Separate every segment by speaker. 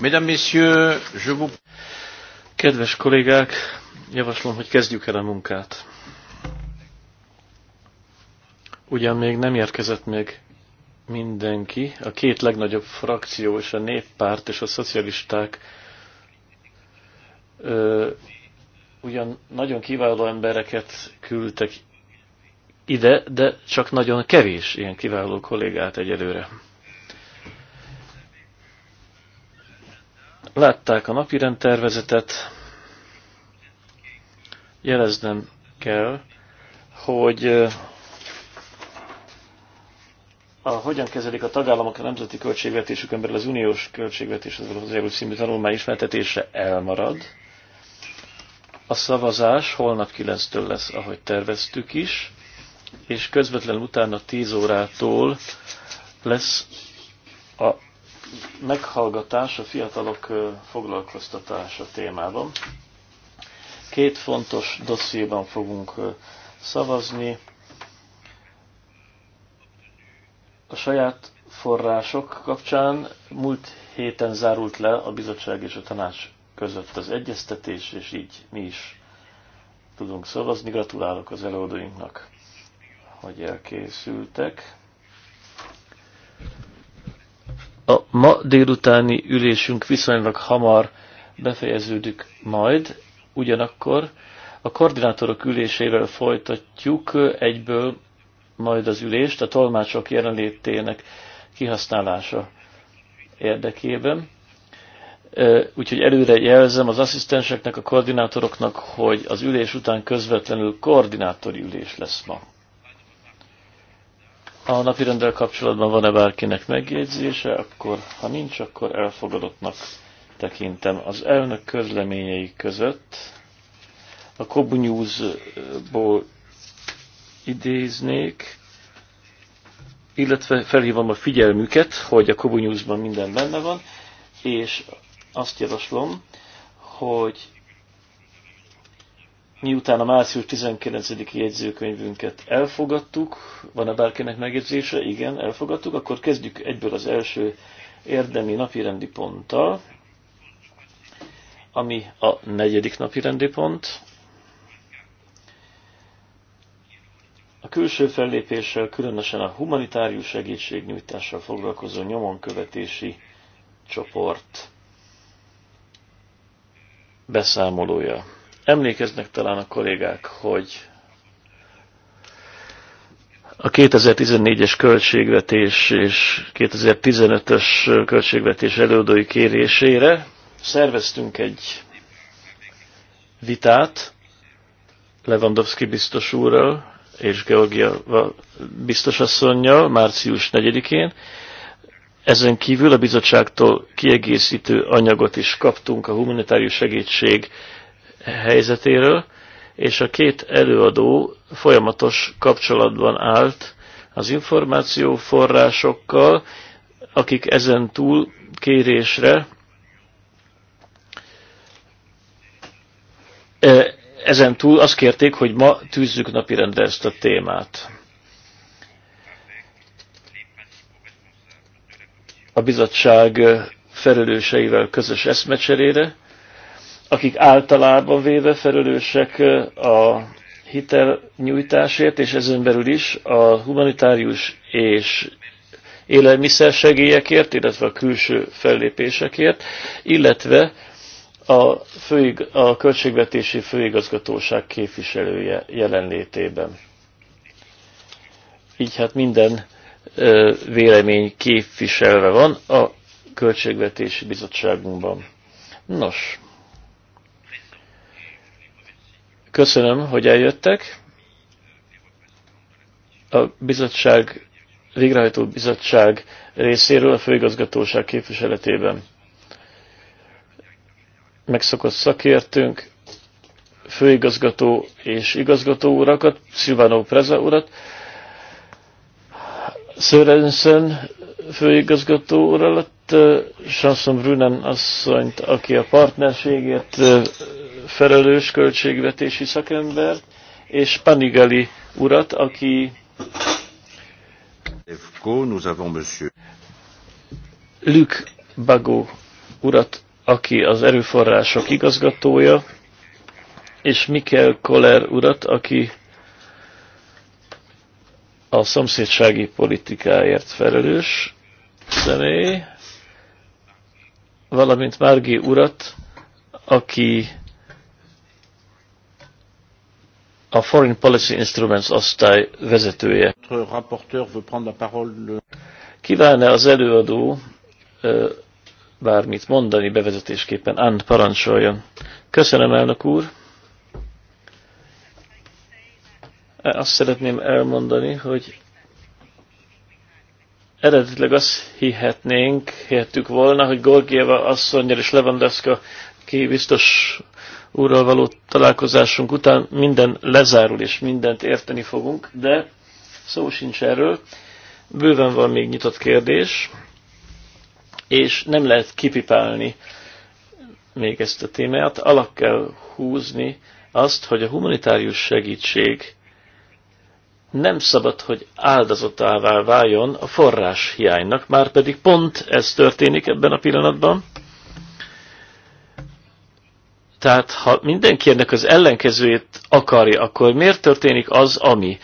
Speaker 1: Mesdames, Messieurs, je vous... Kedves kollégák, javaslom, hogy kezdjük el a munkát. Ugyan még nem érkezett még mindenki, a két legnagyobb frakció és a néppárt és a szocialisták ö, ugyan nagyon kiváló embereket küldtek ide, de csak nagyon kevés ilyen kiváló kollégát egyelőre. Látták a napirend tervezetet. Jeleznem kell, hogy a, hogyan kezelik a tagállamok a nemzeti költségvetésük belül az uniós költségvetés, az hozzájárult színű tanulmány ismertetése elmarad. A szavazás holnap 9-től lesz, ahogy terveztük is, és közvetlenül utána 10 órától lesz a meghallgatás a fiatalok foglalkoztatása témában. Két fontos dossziéban fogunk szavazni. A saját források kapcsán múlt héten zárult le a bizottság és a tanács között az egyeztetés, és így mi is tudunk szavazni. Gratulálok az előadóinknak, hogy elkészültek. A ma délutáni ülésünk viszonylag hamar befejeződik majd, ugyanakkor a koordinátorok ülésével folytatjuk egyből majd az ülést a tolmácsok jelenlétének kihasználása érdekében. Úgyhogy előre jelzem az asszisztenseknek, a koordinátoroknak, hogy az ülés után közvetlenül koordinátori ülés lesz ma. A rendel kapcsolatban van-e bárkinek megjegyzése? Akkor, ha nincs, akkor elfogadottnak tekintem. Az elnök közleményei között a Kobu News-ból idéznék, illetve felhívom a figyelmüket, hogy a Kobu News-ban minden benne van, és azt javaslom, hogy Miután a március 19-i jegyzőkönyvünket elfogadtuk, van-e bárkinek megjegyzése? Igen, elfogadtuk. Akkor kezdjük egyből az első érdemi napirendi ponttal, ami a negyedik napirendi pont. A külső fellépéssel, különösen a humanitárius segítségnyújtással foglalkozó nyomonkövetési csoport beszámolója. Emlékeznek talán a kollégák, hogy a 2014-es költségvetés és 2015-ös költségvetés előadói kérésére szerveztünk egy vitát Lewandowski biztos úrral és Georgia biztos asszonynal március 4-én. Ezen kívül a bizottságtól kiegészítő anyagot is kaptunk a humanitárius segítség helyzetéről, és a két előadó folyamatos kapcsolatban állt az információforrásokkal, akik ezen túl kérésre e, ezen túl azt kérték, hogy ma tűzzük napirendre ezt a témát. A bizottság felelőseivel közös eszmecserére, akik általában véve felelősek a hitelnyújtásért, és ezen belül is a humanitárius és élelmiszersegélyekért, illetve a külső fellépésekért, illetve a, főig, a költségvetési főigazgatóság képviselője jelenlétében. Így hát minden ö, vélemény képviselve van a költségvetési bizottságunkban. Nos, Köszönöm, hogy eljöttek. A bizottság, végrehajtó bizottság részéről a főigazgatóság képviseletében megszokott szakértünk, főigazgató és igazgató urakat, Szilvánó Preza urat, Sörensen főigazgató úr alatt, Sanson Brunen asszonyt, aki a partnerségért felelős költségvetési szakember, és Panigali urat, aki Luc Bagó urat, aki az erőforrások igazgatója, és Mikkel Koller urat, aki a szomszédsági politikáért felelős személy, valamint Márgi urat, aki a Foreign Policy Instruments osztály vezetője. Kívánne az előadó bármit mondani bevezetésképpen? Ant parancsoljon. Köszönöm, elnök úr! Azt szeretném elmondani, hogy Eredetileg azt hihetnénk, hihettük volna, hogy Gorgieva asszonyja és Lewandowska ki biztos úrral való találkozásunk után minden lezárul és mindent érteni fogunk, de szó sincs erről. Bőven van még nyitott kérdés, és nem lehet kipipálni még ezt a témát. Alak kell húzni azt, hogy a humanitárius segítség nem szabad, hogy áldozatává váljon a forrás hiánynak, már pedig pont ez történik ebben a pillanatban. Tehát ha mindenki ennek az ellenkezőjét akarja, akkor miért történik az, ami?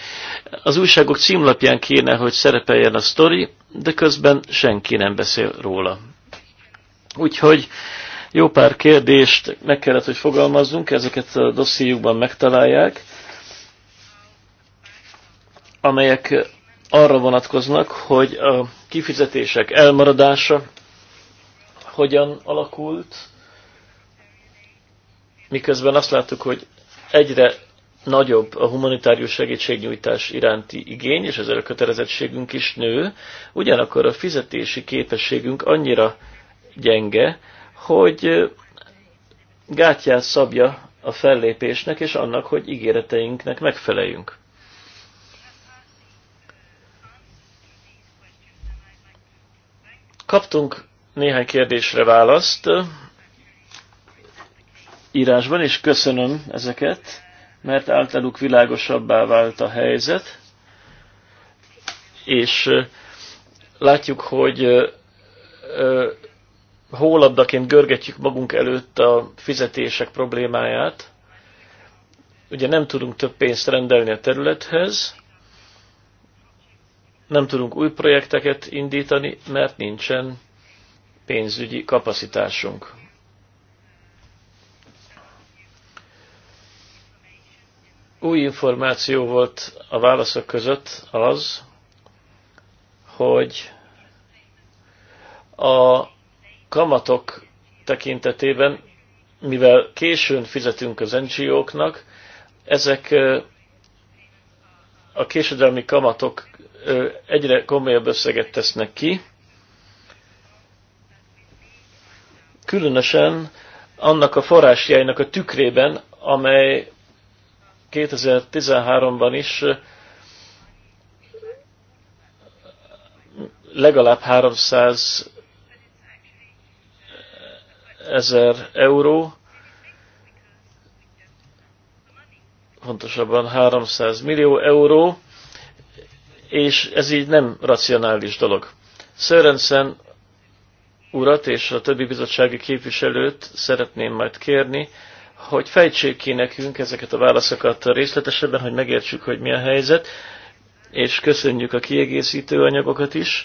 Speaker 1: Az újságok címlapján kéne, hogy szerepeljen a sztori, de közben senki nem beszél róla. Úgyhogy jó pár kérdést meg kellett, hogy fogalmazzunk, ezeket a dossziukban megtalálják amelyek arra vonatkoznak, hogy a kifizetések elmaradása hogyan alakult, miközben azt láttuk, hogy egyre nagyobb a humanitárius segítségnyújtás iránti igény, és ezzel a kötelezettségünk is nő, ugyanakkor a fizetési képességünk annyira gyenge, hogy gátját szabja a fellépésnek és annak, hogy ígéreteinknek megfeleljünk. Kaptunk néhány kérdésre választ írásban, és köszönöm ezeket, mert általuk világosabbá vált a helyzet, és látjuk, hogy hólabdaként görgetjük magunk előtt a fizetések problémáját. Ugye nem tudunk több pénzt rendelni a területhez, nem tudunk új projekteket indítani, mert nincsen pénzügyi kapacitásunk. Új információ volt a válaszok között az, hogy a kamatok tekintetében, mivel későn fizetünk az NGO-knak, ezek a késedelmi kamatok egyre komolyabb összeget tesznek ki, különösen annak a forrásjainak a tükrében, amely 2013-ban is legalább 300 ezer euró, pontosabban 300 millió euró, és ez így nem racionális dolog. Sörensen urat és a többi bizottsági képviselőt szeretném majd kérni, hogy fejtsék ki nekünk ezeket a válaszokat részletesebben, hogy megértsük, hogy mi a helyzet, és köszönjük a kiegészítő anyagokat is.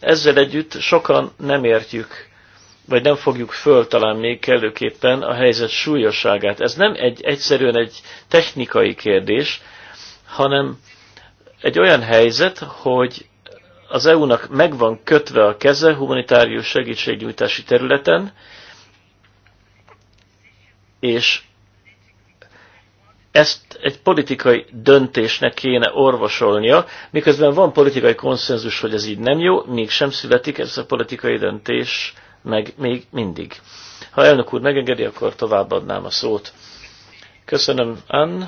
Speaker 1: Ezzel együtt sokan nem értjük, vagy nem fogjuk föl talán még kellőképpen a helyzet súlyosságát. Ez nem egy egyszerűen egy technikai kérdés, hanem egy olyan helyzet, hogy az EU-nak megvan kötve a keze humanitárius segítségnyújtási területen, és ezt egy politikai döntésnek kéne orvosolnia, miközben van politikai konszenzus, hogy ez így nem jó, mégsem születik ez a politikai döntés meg még mindig. Ha elnök úr megengedi, akkor továbbadnám a szót. Köszönöm, Ann,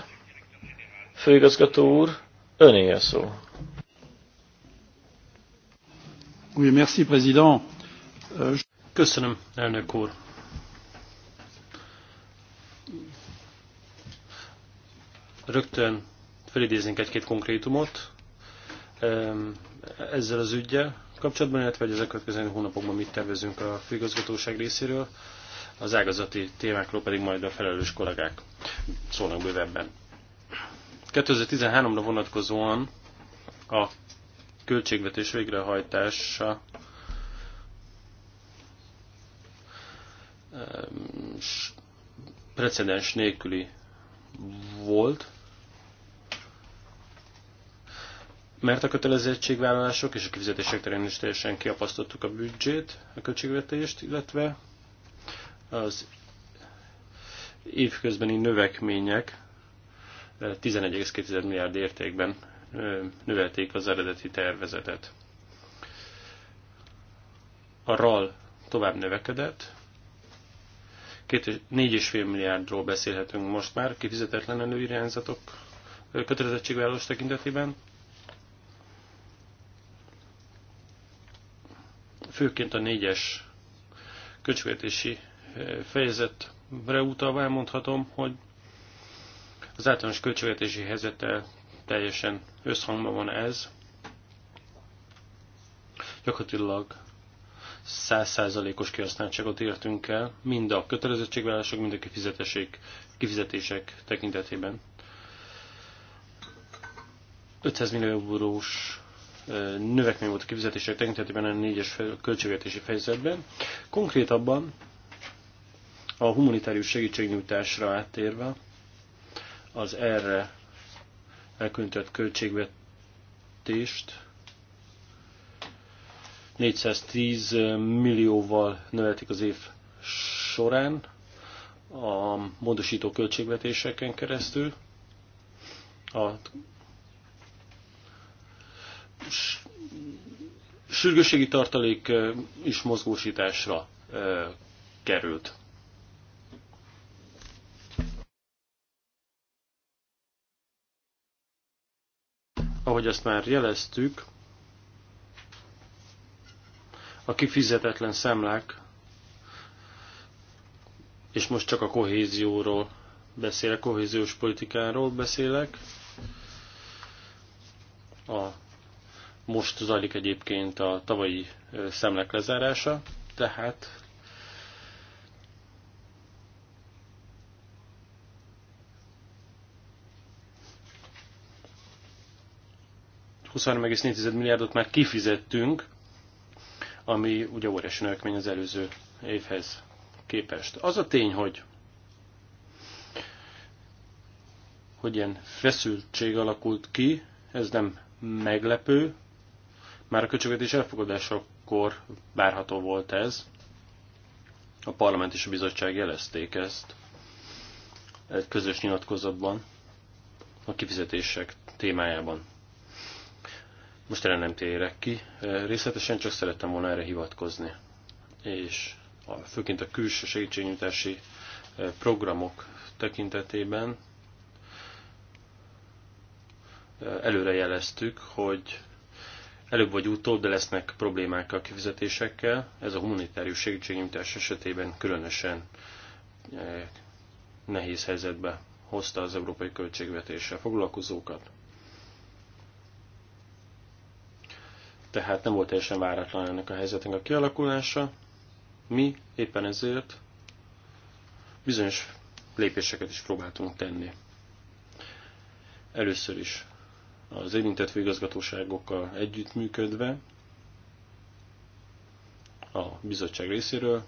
Speaker 1: főigazgató úr. Öné a szó. Euh,
Speaker 2: Köszönöm, elnök úr. Rögtön felidéznénk egy-két konkrétumot ezzel az ügyel kapcsolatban, illetve hogy az következő hónapokban mit tervezünk a főigazgatóság részéről, az ágazati témákról pedig majd a felelős kollégák szólnak bővebben. 2013-ra vonatkozóan a költségvetés végrehajtása ehm, precedens nélküli volt, mert a kötelezettségvállalások és a kifizetések terén is teljesen kiapasztottuk a büdzsét, a költségvetést, illetve az évközbeni növekmények 11,2 milliárd értékben növelték az eredeti tervezetet. A RAL tovább növekedett, 4,5 milliárdról beszélhetünk most már kifizetetlen előirányzatok kötelezettségvállalás tekintetében. Főként a négyes költségvetési fejezetre utalva elmondhatom, hogy az általános költségvetési helyzettel teljesen összhangban van ez. Gyakorlatilag 100%-os kihasználtságot értünk el, mind a kötelezettségvállások, mind a kifizetések, kifizetések tekintetében. 500 millió eurós növekmény volt a kifizetések tekintetében a négyes költségvetési fejezetben. Konkrétabban a humanitárius segítségnyújtásra áttérve az erre elküntött költségvetést 410 millióval növelik az év során a módosító költségvetéseken keresztül. A sürgősségi tartalék is mozgósításra eh, került. Ahogy azt már jeleztük, a kifizetetlen számlák, és most csak a kohézióról beszélek, kohéziós politikáról beszélek. A, most zajlik egyébként a tavalyi szemlek lezárása, tehát 23,4 milliárdot már kifizettünk, ami ugye óriási növekmény az előző évhez képest. Az a tény, hogy hogy ilyen feszültség alakult ki, ez nem meglepő, már a költségvetés elfogadásakor várható volt ez, a parlament és a bizottság jelezték ezt egy közös nyilatkozatban a kifizetések témájában. Most erre nem térek ki részletesen, csak szerettem volna erre hivatkozni. És a, főként a külső segítségnyújtási programok tekintetében előrejeleztük, hogy előbb vagy utóbb, de lesznek problémák a kifizetésekkel. Ez a humanitárius segítségnyújtás esetében különösen nehéz helyzetbe hozta az európai költségvetéssel foglalkozókat. tehát nem volt teljesen váratlan ennek a helyzetnek a kialakulása. Mi éppen ezért bizonyos lépéseket is próbáltunk tenni. Először is az érintett főigazgatóságokkal együttműködve a bizottság részéről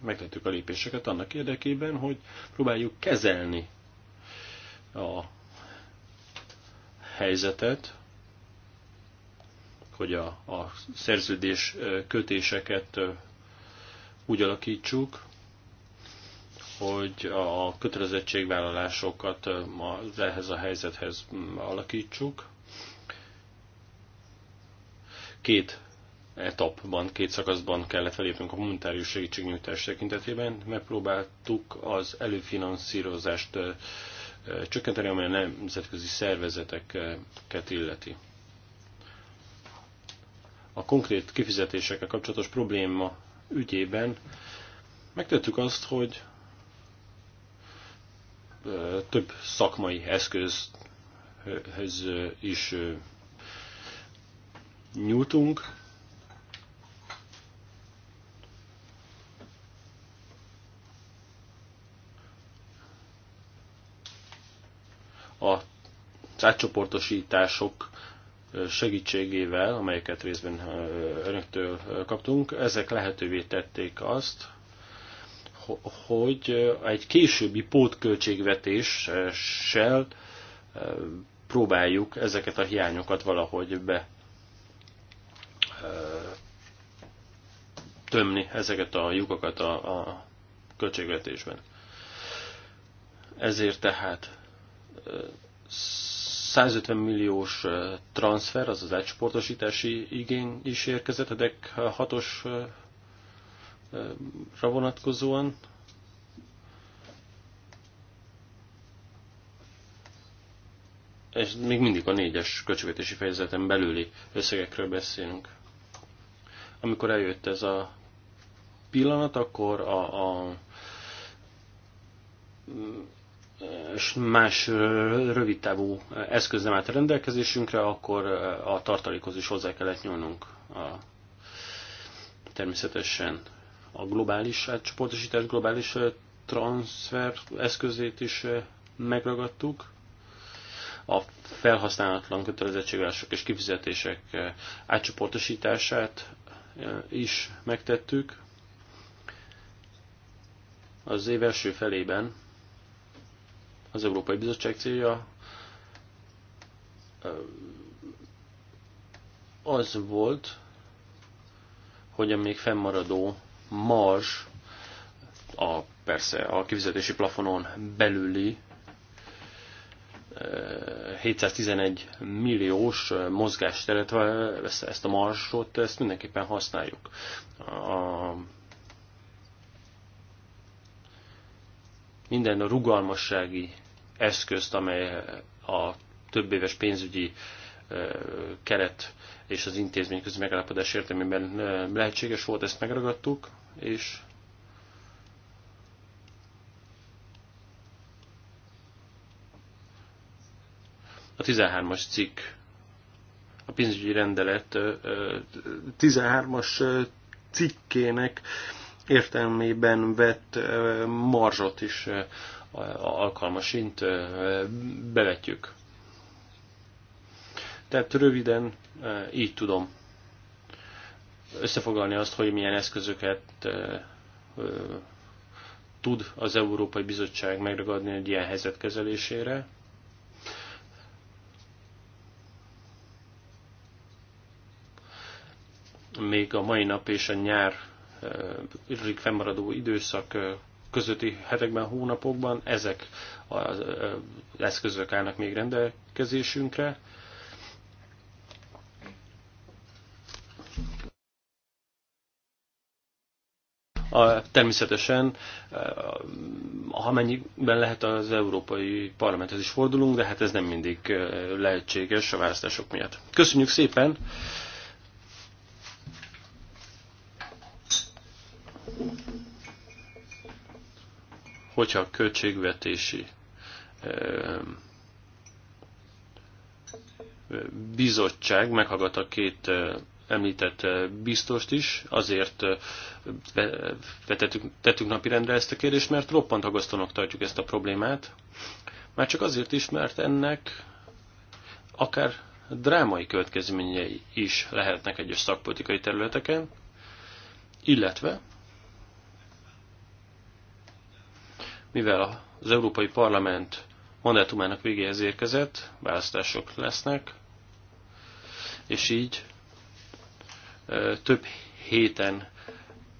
Speaker 2: megtettük a lépéseket annak érdekében, hogy próbáljuk kezelni a helyzetet, hogy a, a szerződés kötéseket úgy alakítsuk, hogy a kötelezettségvállalásokat ehhez a helyzethez alakítsuk. Két etapban, két szakaszban kellett felépnünk a humanitárius segítségnyújtás tekintetében. Megpróbáltuk az előfinanszírozást csökkenteni, amely a nemzetközi szervezeteket illeti a konkrét kifizetésekkel kapcsolatos probléma ügyében megtettük azt, hogy több szakmai eszközhöz is nyújtunk. A átcsoportosítások segítségével, amelyeket részben önöktől kaptunk, ezek lehetővé tették azt, hogy egy későbbi pótköltségvetéssel próbáljuk ezeket a hiányokat valahogy be tömni ezeket a lyukakat a, a költségvetésben. Ezért tehát 150 milliós transfer, azaz átcsoportosítási igény is érkezett a DEC 6-osra vonatkozóan. És még mindig a négyes költségvetési fejezeten belüli összegekről beszélünk. Amikor eljött ez a pillanat, akkor a, a más rövidtávú eszköz nem állt a rendelkezésünkre, akkor a tartalékhoz is hozzá kellett nyúlnunk a, természetesen a globális átcsoportosítás, globális transfer eszközét is megragadtuk. A felhasználatlan kötelezettségvások és kifizetések átcsoportosítását is megtettük. Az év első felében az Európai Bizottság célja az volt, hogy a még fennmaradó marzs a, persze a kifizetési plafonon belüli 711 milliós mozgásteret, ezt a marsot, ezt mindenképpen használjuk. A minden rugalmassági eszközt, amely a több éves pénzügyi keret és az intézmény intézményközi megállapodás értelmében lehetséges volt, ezt megragadtuk, és a 13-as cikk, a pénzügyi rendelet 13-as cikkének értelmében vett marzsot is alkalmasint bevetjük. Tehát röviden így tudom összefoglalni azt, hogy milyen eszközöket tud az Európai Bizottság megragadni egy ilyen helyzet kezelésére. Még a mai nap és a nyár fennmaradó időszak közötti hetekben, hónapokban ezek az eszközök állnak még rendelkezésünkre. A, természetesen, ha mennyiben lehet az Európai Parlamenthez is fordulunk, de hát ez nem mindig lehetséges a választások miatt. Köszönjük szépen! hogyha a költségvetési bizottság meghallgat a két említett biztost is, azért vetettük, tettük napirendre ezt a kérdést, mert roppant agasztónak tartjuk ezt a problémát. Már csak azért is, mert ennek akár drámai következményei is lehetnek egyes szakpolitikai területeken, illetve mivel az Európai Parlament mandátumának végéhez érkezett, választások lesznek, és így több héten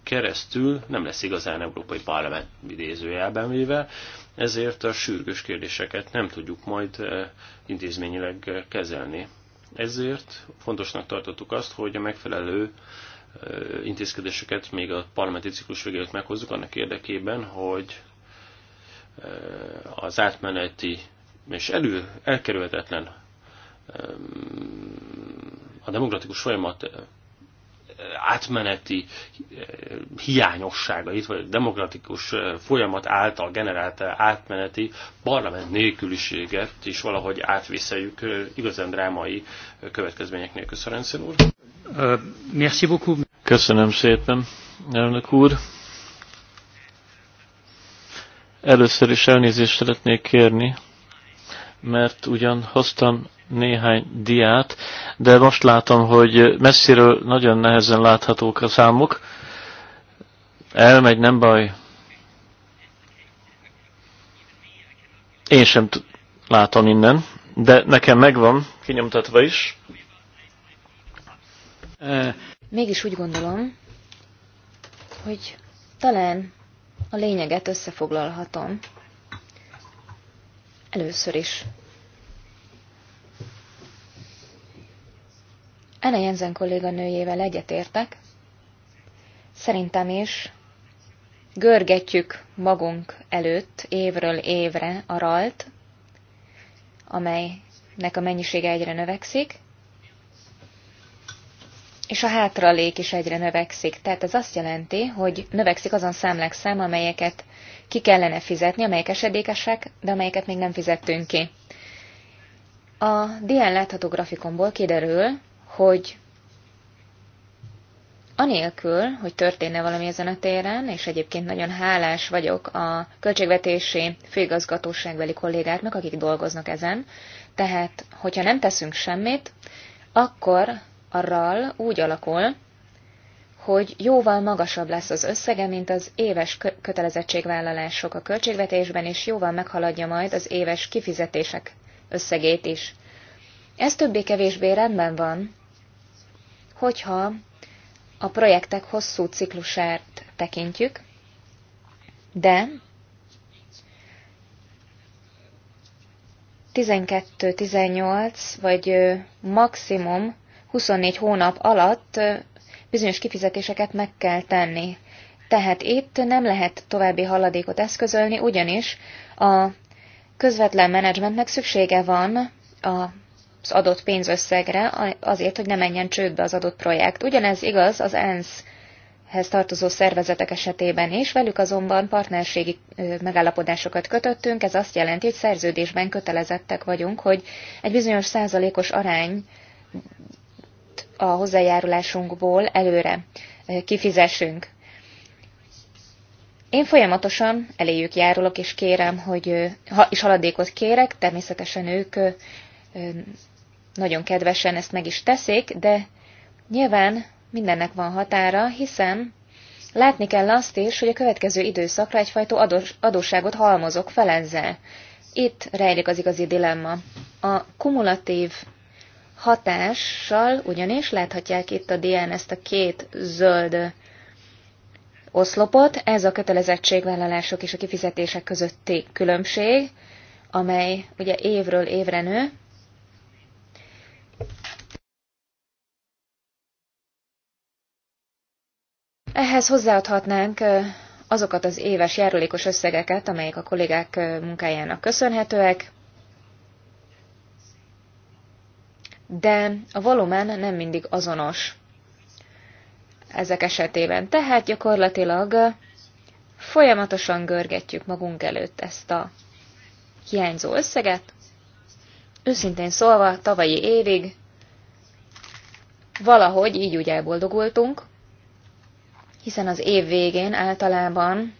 Speaker 2: keresztül nem lesz igazán Európai Parlament idézőjelben véve, ezért a sürgős kérdéseket nem tudjuk majd intézményileg kezelni. Ezért fontosnak tartottuk azt, hogy a megfelelő intézkedéseket még a parlamenti ciklus végéig meghozzuk annak érdekében, hogy az átmeneti és elő, elkerülhetetlen a demokratikus folyamat átmeneti hiányosságait, vagy a demokratikus folyamat által generált átmeneti parlament nélküliséget is valahogy átviseljük igazán drámai következmények nélkül. Szeren úr.
Speaker 1: Köszönöm szépen, elnök úr. Először is elnézést szeretnék kérni, mert ugyan hoztam néhány diát, de most látom, hogy messziről nagyon nehezen láthatók a számok. Elmegy, nem baj. Én sem látom innen, de nekem megvan, kinyomtatva is.
Speaker 3: Mégis úgy gondolom, hogy talán a lényeget összefoglalhatom. Először is. Ene Jensen kolléganőjével egyetértek. Szerintem is görgetjük magunk előtt évről évre a ralt, amelynek a mennyisége egyre növekszik, és a hátralék is egyre növekszik. Tehát ez azt jelenti, hogy növekszik azon számlák száma, amelyeket ki kellene fizetni, amelyek esedékesek, de amelyeket még nem fizettünk ki. A dián látható grafikonból kiderül, hogy anélkül, hogy történne valami ezen a téren, és egyébként nagyon hálás vagyok a költségvetési főigazgatóságbeli kollégáknak, akik dolgoznak ezen, tehát hogyha nem teszünk semmit, akkor a RAL úgy alakul, hogy jóval magasabb lesz az összege, mint az éves kötelezettségvállalások a költségvetésben, és jóval meghaladja majd az éves kifizetések összegét is. Ez többé-kevésbé rendben van, hogyha a projektek hosszú ciklusát tekintjük, de 12-18 vagy maximum 24 hónap alatt bizonyos kifizetéseket meg kell tenni. Tehát itt nem lehet további haladékot eszközölni, ugyanis a közvetlen menedzsmentnek szüksége van az adott pénzösszegre azért, hogy ne menjen csődbe az adott projekt. Ugyanez igaz az ENSZ hez tartozó szervezetek esetében is, velük azonban partnerségi megállapodásokat kötöttünk, ez azt jelenti, hogy szerződésben kötelezettek vagyunk, hogy egy bizonyos százalékos arány a hozzájárulásunkból előre kifizessünk. Én folyamatosan eléjük járulok, és kérem, hogy, ha is haladékot kérek, természetesen ők nagyon kedvesen ezt meg is teszik, de nyilván mindennek van határa, hiszen látni kell azt is, hogy a következő időszakra egyfajta adósságot halmozok fel ezzel. Itt rejlik az igazi dilemma. A kumulatív hatással, ugyanis láthatják itt a DN ezt a két zöld oszlopot, ez a kötelezettségvállalások és a kifizetések közötti különbség, amely ugye évről évre nő. Ehhez hozzáadhatnánk azokat az éves járulékos összegeket, amelyek a kollégák munkájának köszönhetőek, de a volumen nem mindig azonos ezek esetében. Tehát gyakorlatilag folyamatosan görgetjük magunk előtt ezt a hiányzó összeget. Őszintén szólva, tavalyi évig valahogy így úgy elboldogultunk, hiszen az év végén általában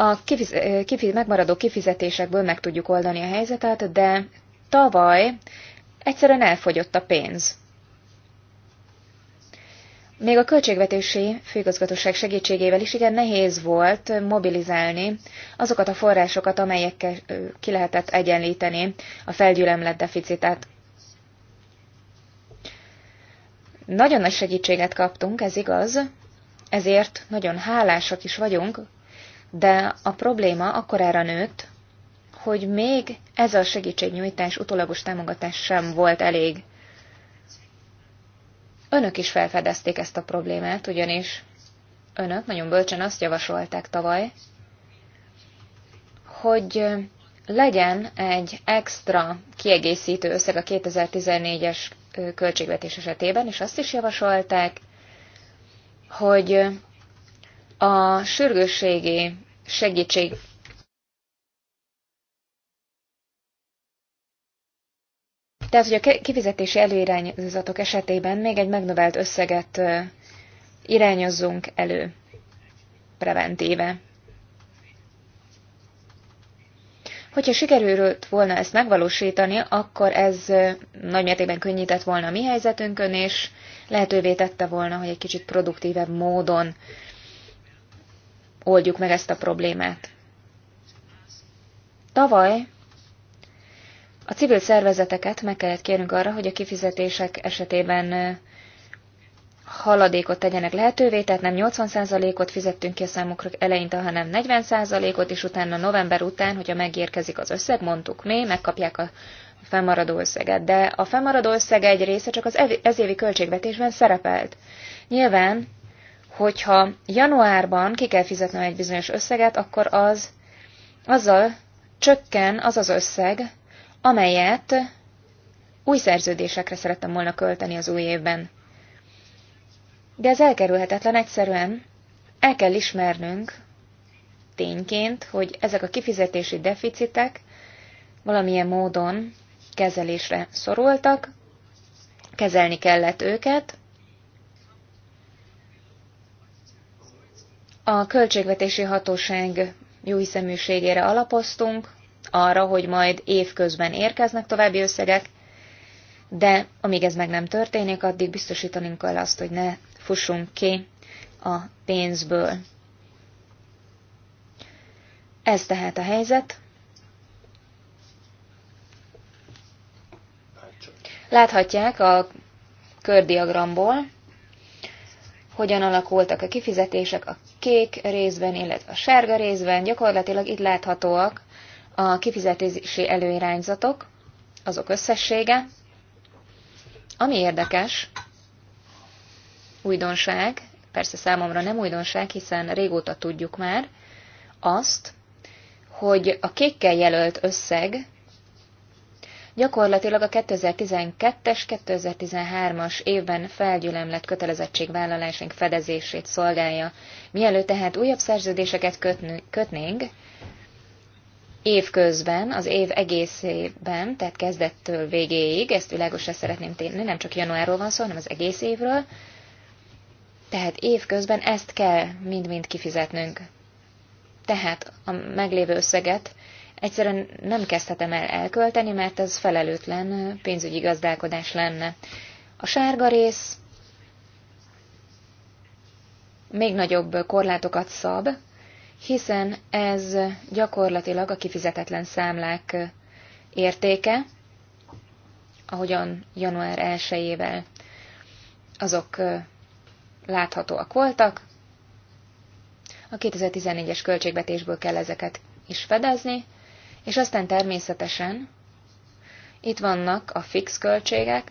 Speaker 3: A kifiz kifiz megmaradó kifizetésekből meg tudjuk oldani a helyzetet, de tavaly egyszerűen elfogyott a pénz. Még a költségvetési főigazgatóság segítségével is igen nehéz volt mobilizálni azokat a forrásokat, amelyekkel ki lehetett egyenlíteni a felgyülemlett deficitet. Nagyon nagy segítséget kaptunk, ez igaz, ezért nagyon hálásak is vagyunk de a probléma akkor erre nőtt, hogy még ez a segítségnyújtás, utólagos támogatás sem volt elég. Önök is felfedezték ezt a problémát, ugyanis önök nagyon bölcsen azt javasolták tavaly, hogy legyen egy extra kiegészítő összeg a 2014-es költségvetés esetében, és azt is javasolták, hogy a sürgősségi segítség Tehát, hogy a kifizetési előirányzatok esetében még egy megnövelt összeget irányozzunk elő preventíve. Hogyha sikerült volna ezt megvalósítani, akkor ez nagymértékben könnyített volna a mi helyzetünkön, és lehetővé tette volna, hogy egy kicsit produktívebb módon oldjuk meg ezt a problémát. Tavaly a civil szervezeteket meg kellett kérnünk arra, hogy a kifizetések esetében haladékot tegyenek lehetővé, tehát nem 80%-ot fizettünk ki a számukra eleinte, hanem 40%-ot, és utána november után, hogyha megérkezik az összeg, mondtuk mi, megkapják a fennmaradó összeget. De a fennmaradó összeg egy része csak az ezévi költségvetésben szerepelt. Nyilván hogyha januárban ki kell fizetnem egy bizonyos összeget, akkor az azzal csökken az az összeg, amelyet új szerződésekre szerettem volna költeni az új évben. De ez elkerülhetetlen egyszerűen. El kell ismernünk tényként, hogy ezek a kifizetési deficitek valamilyen módon kezelésre szorultak, kezelni kellett őket, A költségvetési hatóság jóhiszeműségére alapoztunk, arra, hogy majd évközben érkeznek további összegek, de amíg ez meg nem történik, addig biztosítanunk kell azt, hogy ne fussunk ki a pénzből. Ez tehát a helyzet. Láthatják a kördiagramból, hogyan alakultak a kifizetések a kék részben, illetve a sárga részben. Gyakorlatilag itt láthatóak a kifizetési előirányzatok, azok összessége. Ami érdekes, újdonság, persze számomra nem újdonság, hiszen régóta tudjuk már azt, hogy a kékkel jelölt összeg Gyakorlatilag a 2012-es, 2013-as évben felgyülemlett kötelezettségvállalásunk fedezését szolgálja. Mielőtt tehát újabb szerződéseket kötnénk, évközben, az év egészében, tehát kezdettől végéig, ezt világosra szeretném tenni, nem csak januárról van szó, hanem az egész évről, tehát évközben ezt kell mind-mind kifizetnünk. Tehát a meglévő összeget egyszerűen nem kezdhetem el elkölteni, mert ez felelőtlen pénzügyi gazdálkodás lenne. A sárga rész még nagyobb korlátokat szab, hiszen ez gyakorlatilag a kifizetetlen számlák értéke, ahogyan január 1-ével azok láthatóak voltak. A 2014-es költségvetésből kell ezeket is fedezni, és aztán természetesen itt vannak a fix költségek,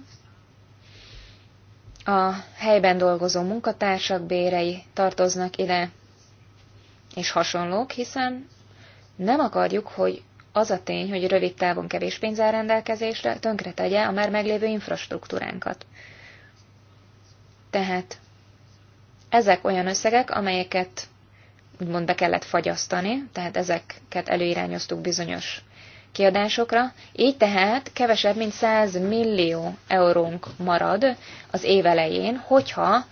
Speaker 3: a helyben dolgozó munkatársak bérei tartoznak ide, és hasonlók, hiszen nem akarjuk, hogy az a tény, hogy rövid távon kevés pénz áll rendelkezésre, tönkre tegye a már meglévő infrastruktúránkat. Tehát ezek olyan összegek, amelyeket úgymond be kellett fagyasztani, tehát ezeket előirányoztuk bizonyos kiadásokra. Így tehát kevesebb, mint 100 millió eurónk marad az év elején, hogyha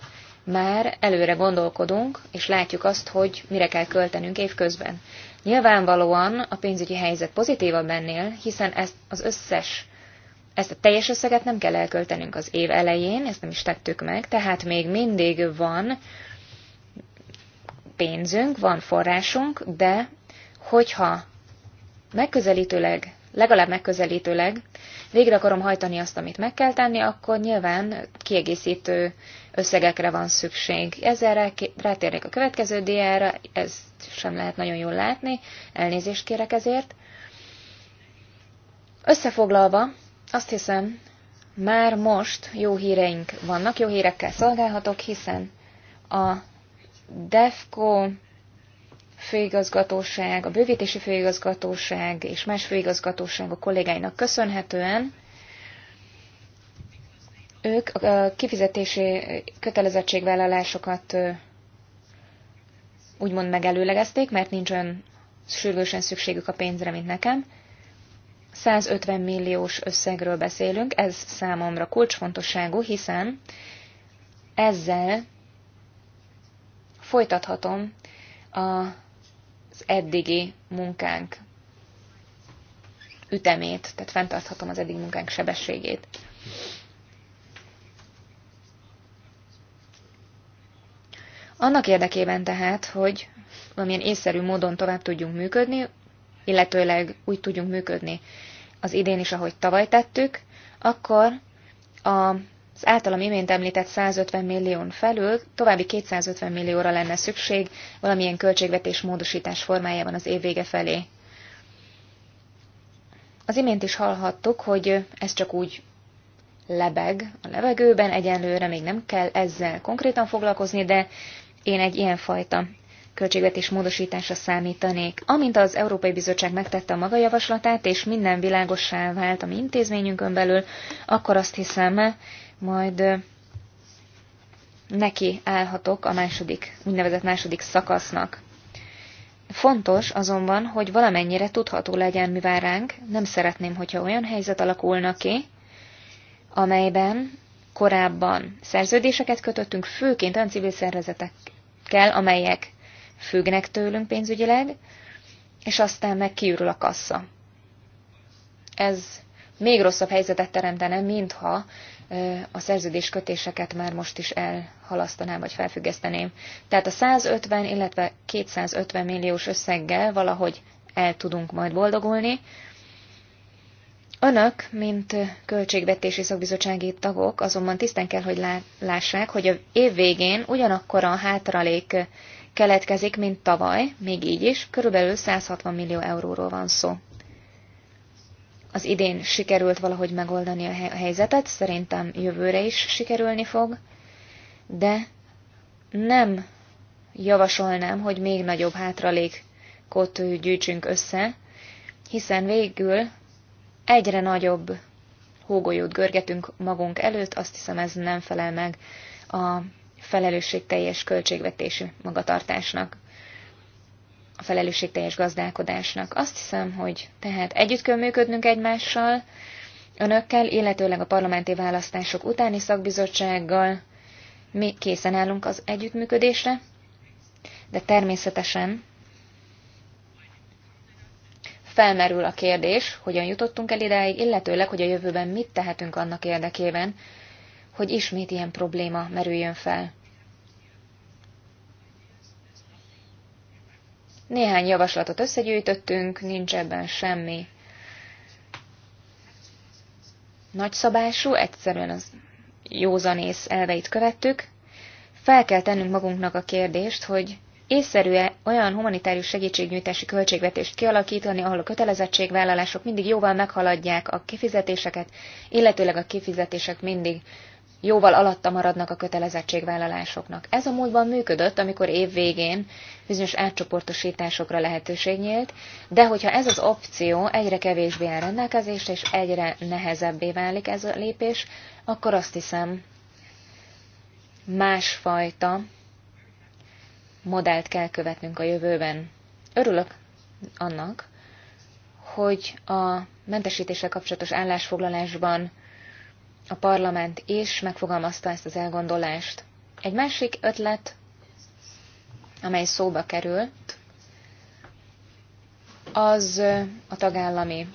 Speaker 3: már előre gondolkodunk, és látjuk azt, hogy mire kell költenünk évközben. Nyilvánvalóan a pénzügyi helyzet pozitívabb ennél, hiszen ezt az összes, ezt a teljes összeget nem kell elköltenünk az év elején, ezt nem is tettük meg, tehát még mindig van pénzünk, van forrásunk, de hogyha megközelítőleg, legalább megközelítőleg végre akarom hajtani azt, amit meg kell tenni, akkor nyilván kiegészítő összegekre van szükség. Ezzel rátérnék a következő diára, ezt sem lehet nagyon jól látni, elnézést kérek ezért. Összefoglalva, azt hiszem, már most jó híreink vannak, jó hírekkel szolgálhatok, hiszen a DEFCO főigazgatóság, a bővítési főigazgatóság és más főigazgatóság a kollégáinak köszönhetően, ők a kifizetési kötelezettségvállalásokat úgymond megelőlegezték, mert nincs olyan sürgősen szükségük a pénzre, mint nekem. 150 milliós összegről beszélünk, ez számomra kulcsfontosságú, hiszen ezzel folytathatom az eddigi munkánk ütemét, tehát fenntarthatom az eddig munkánk sebességét. Annak érdekében tehát, hogy valamilyen észszerű módon tovább tudjunk működni, illetőleg úgy tudjunk működni az idén is, ahogy tavaly tettük, akkor a az általam imént említett 150 millión felül további 250 millióra lenne szükség valamilyen költségvetés módosítás formájában az év vége felé. Az imént is hallhattuk, hogy ez csak úgy lebeg a levegőben, egyenlőre még nem kell ezzel konkrétan foglalkozni, de én egy ilyenfajta költségvetés módosításra számítanék. Amint az Európai Bizottság megtette a maga javaslatát, és minden világossá vált a mi intézményünkön belül, akkor azt hiszem, majd neki állhatok a második, úgynevezett második szakasznak. Fontos azonban, hogy valamennyire tudható legyen, mi vár ránk. Nem szeretném, hogyha olyan helyzet alakulna ki, amelyben korábban szerződéseket kötöttünk, főként olyan civil szervezetekkel, amelyek függnek tőlünk pénzügyileg, és aztán meg kiürül a kassa. Ez még rosszabb helyzetet teremtene, mintha a szerződéskötéseket már most is elhalasztanám vagy felfüggeszteném. Tehát a 150, illetve 250 milliós összeggel valahogy el tudunk majd boldogulni. Önök, mint költségvetési szakbizottsági tagok, azonban tisztán kell, hogy lássák, hogy a év végén ugyanakkor a hátralék keletkezik, mint tavaly, még így is, körülbelül 160 millió euróról van szó. Az idén sikerült valahogy megoldani a helyzetet, szerintem jövőre is sikerülni fog, de nem javasolnám, hogy még nagyobb hátralékot gyűjtsünk össze, hiszen végül egyre nagyobb hógolyót görgetünk magunk előtt, azt hiszem ez nem felel meg a felelősségteljes költségvetési magatartásnak a felelősségteljes gazdálkodásnak. Azt hiszem, hogy tehát együtt kell működnünk egymással, önökkel, illetőleg a parlamenti választások utáni szakbizottsággal. Mi készen állunk az együttműködésre, de természetesen felmerül a kérdés, hogyan jutottunk el idáig, illetőleg, hogy a jövőben mit tehetünk annak érdekében, hogy ismét ilyen probléma merüljön fel. Néhány javaslatot összegyűjtöttünk, nincs ebben semmi nagyszabású, egyszerűen az józanész elveit követtük. Fel kell tennünk magunknak a kérdést, hogy észszerű-e olyan humanitárius segítségnyújtási költségvetést kialakítani, ahol a kötelezettségvállalások mindig jóval meghaladják a kifizetéseket, illetőleg a kifizetések mindig jóval alatta maradnak a kötelezettségvállalásoknak. Ez a módban működött, amikor év végén bizonyos átcsoportosításokra lehetőség nyílt, de hogyha ez az opció egyre kevésbé áll rendelkezésre, és egyre nehezebbé válik ez a lépés, akkor azt hiszem, másfajta modellt kell követnünk a jövőben. Örülök annak, hogy a mentesítéssel kapcsolatos állásfoglalásban a parlament is megfogalmazta ezt az elgondolást. Egy másik ötlet, amely szóba került, az a tagállami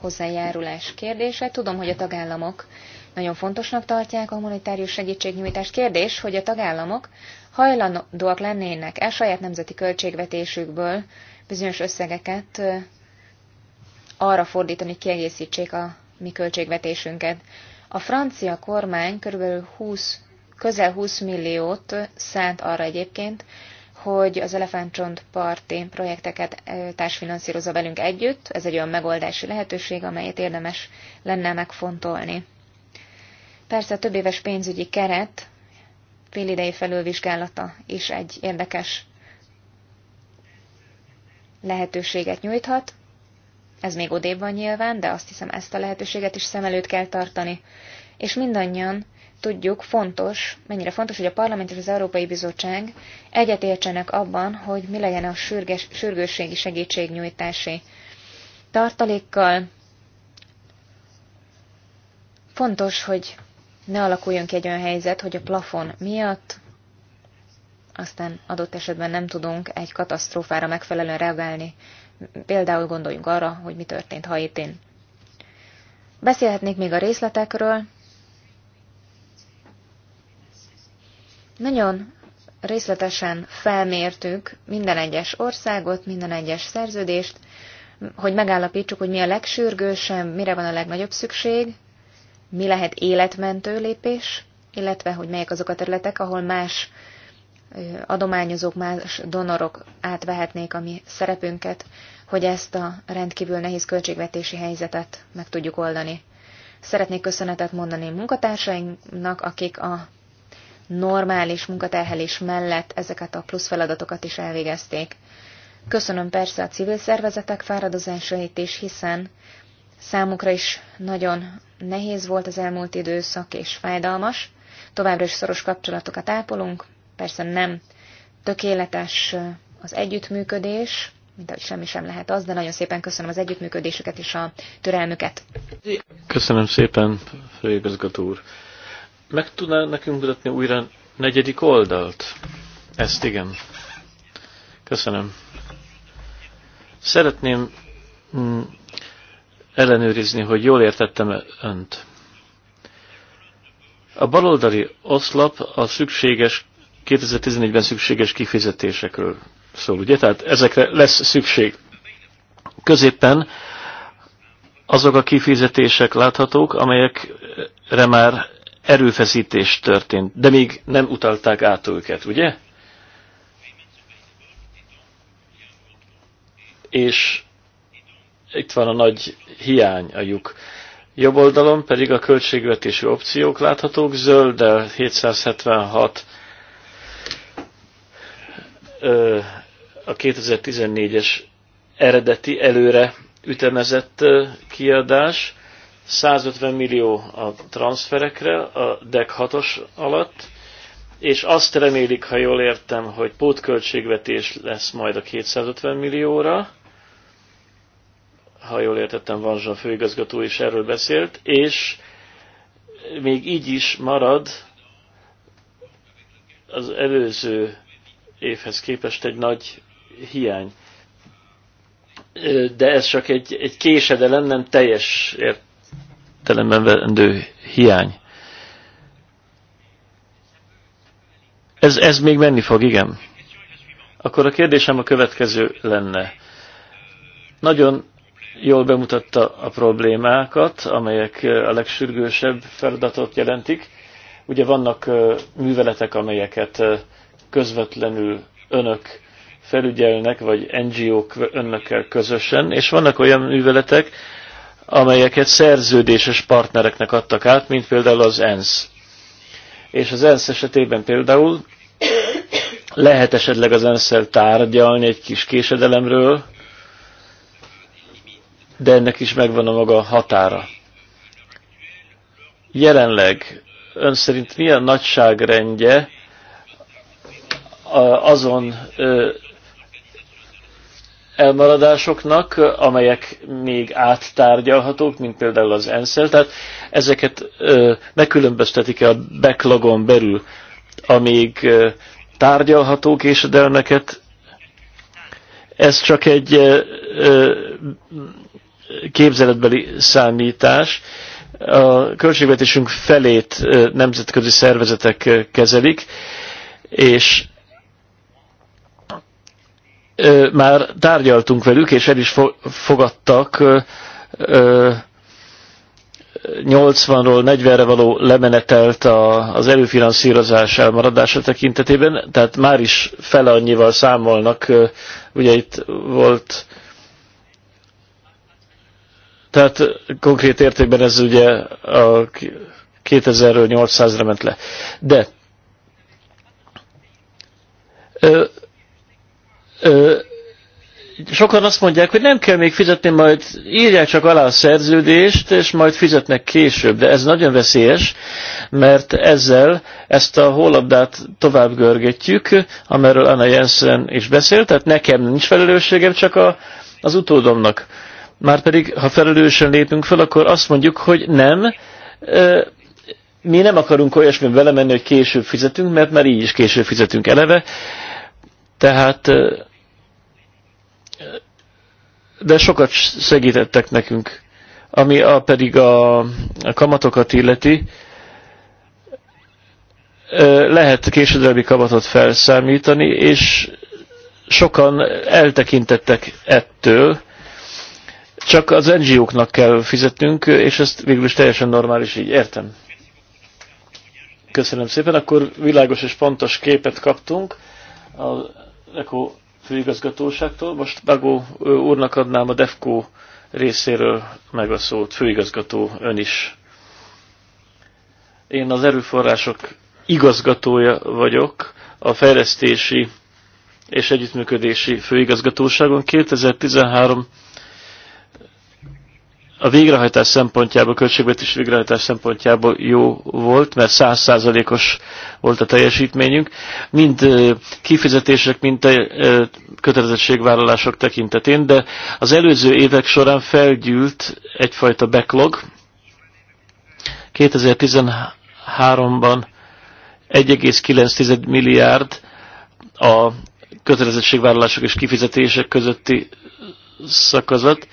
Speaker 3: hozzájárulás kérdése. Tudom, hogy a tagállamok nagyon fontosnak tartják a humanitárius segítségnyújtást. Kérdés, hogy a tagállamok hajlandóak lennének el saját nemzeti költségvetésükből bizonyos összegeket arra fordítani, kiegészítsék a mi költségvetésünket. A francia kormány körülbelül 20, közel 20 milliót szánt arra egyébként, hogy az Elefántcsont parti projekteket társfinanszírozza velünk együtt. Ez egy olyan megoldási lehetőség, amelyet érdemes lenne megfontolni. Persze a több éves pénzügyi keret félidei felülvizsgálata is egy érdekes lehetőséget nyújthat. Ez még odébb van nyilván, de azt hiszem ezt a lehetőséget is szem előtt kell tartani. És mindannyian tudjuk, fontos, mennyire fontos, hogy a Parlament és az Európai Bizottság egyetértsenek abban, hogy mi legyen a sürges, sürgősségi segítségnyújtási tartalékkal. Fontos, hogy ne alakuljon ki egy olyan helyzet, hogy a plafon miatt aztán adott esetben nem tudunk egy katasztrófára megfelelően reagálni. Például gondoljunk arra, hogy mi történt Haitin. Beszélhetnék még a részletekről. Nagyon részletesen felmértük minden egyes országot, minden egyes szerződést, hogy megállapítsuk, hogy mi a legsürgősebb, mire van a legnagyobb szükség, mi lehet életmentő lépés, illetve hogy melyek azok a területek, ahol más adományozók, más donorok átvehetnék a mi szerepünket, hogy ezt a rendkívül nehéz költségvetési helyzetet meg tudjuk oldani. Szeretnék köszönetet mondani munkatársainknak, akik a normális munkaterhelés mellett ezeket a plusz feladatokat is elvégezték. Köszönöm persze a civil szervezetek fáradozásait is, hiszen számukra is nagyon nehéz volt az elmúlt időszak és fájdalmas. Továbbra is szoros kapcsolatokat ápolunk, Persze nem tökéletes uh, az együttműködés, mint ahogy semmi sem lehet az, de nagyon szépen köszönöm az együttműködésüket és a türelmüket.
Speaker 1: Köszönöm szépen, főigazgató úr. Meg tudná nekünk mutatni újra negyedik oldalt? Ezt igen. Köszönöm. Szeretném mm, ellenőrizni, hogy jól értettem -e önt. A baloldali oszlap a szükséges 2014-ben szükséges kifizetésekről szól, ugye? Tehát ezekre lesz szükség. Középpen azok a kifizetések láthatók, amelyekre már erőfeszítés történt, de még nem utalták át őket, ugye? És itt van a nagy hiány a lyuk. Jobb oldalon pedig a költségvetési opciók láthatók, zöld de 776 a 2014-es eredeti előre ütemezett kiadás, 150 millió a transferekre a DEC 6-os alatt, és azt remélik, ha jól értem, hogy pótköltségvetés lesz majd a 250 millióra, ha jól értettem, a főigazgató is erről beszélt, és még így is marad az előző évhez képest egy nagy hiány. De ez csak egy, egy késedelem, nem teljes értelemben vendő hiány. Ez, ez még menni fog, igen. Akkor a kérdésem a következő lenne. Nagyon jól bemutatta a problémákat, amelyek a legsürgősebb feladatot jelentik. Ugye vannak műveletek, amelyeket közvetlenül önök felügyelnek, vagy NGO-k önökkel közösen, és vannak olyan műveletek, amelyeket szerződéses partnereknek adtak át, mint például az ENSZ. És az ENSZ esetében például lehet esetleg az ensz tárgyalni egy kis késedelemről, de ennek is megvan a maga határa. Jelenleg ön szerint milyen nagyságrendje azon elmaradásoknak, amelyek még áttárgyalhatók, mint például az ensz Tehát ezeket megkülönböztetik a backlogon belül, amíg tárgyalható késedelmeket. Ez csak egy képzeletbeli számítás. A költségvetésünk felét nemzetközi szervezetek kezelik, és már tárgyaltunk velük, és el is fogadtak 80-ról 40-re való lemenetelt a, az előfinanszírozás elmaradása tekintetében, tehát már is fele annyival számolnak, ugye itt volt, tehát konkrét értékben ez ugye a 2000-ről 800-ra ment le. De sokan azt mondják, hogy nem kell még fizetni, majd írják csak alá a szerződést, és majd fizetnek később. De ez nagyon veszélyes, mert ezzel ezt a hólabdát tovább görgetjük, amiről Anna Jensen is beszélt, tehát nekem nincs felelősségem, csak a, az utódomnak. Márpedig, ha felelősen lépünk fel, akkor azt mondjuk, hogy nem, mi nem akarunk olyasmi belemenni, hogy később fizetünk, mert már így is később fizetünk eleve, tehát de sokat segítettek nekünk. Ami a, pedig a, a kamatokat illeti, lehet későbbi kamatot felszámítani, és sokan eltekintettek ettől, csak az NGO-knak kell fizetnünk, és ezt végül is teljesen normális, így értem. Köszönöm szépen, akkor világos és pontos képet kaptunk az ECO főigazgatóságtól. Most Bagó úrnak adnám a DEFCO részéről meg a szót. Főigazgató, ön is. Én az erőforrások igazgatója vagyok a fejlesztési és együttműködési főigazgatóságon. 2013 a végrehajtás szempontjából, a költségvetés végrehajtás szempontjából jó volt, mert százszázalékos volt a teljesítményünk, mind kifizetések, mind kötelezettségvállalások tekintetén, de az előző évek során felgyűlt egyfajta backlog. 2013-ban 1,9 milliárd a kötelezettségvállalások és kifizetések közötti szakazat,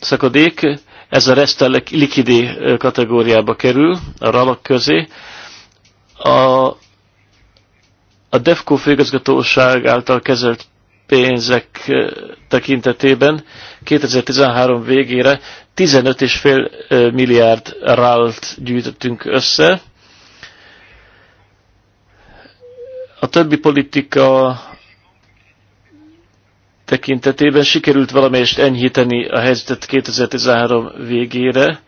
Speaker 1: szakadék, ez a resta likidi kategóriába kerül, a ralak közé. A, a DEFCO főigazgatóság által kezelt pénzek tekintetében 2013 végére 15,5 milliárd rált gyűjtöttünk össze. A többi politika tekintetében sikerült valamelyest enyhíteni a helyzetet 2013 végére.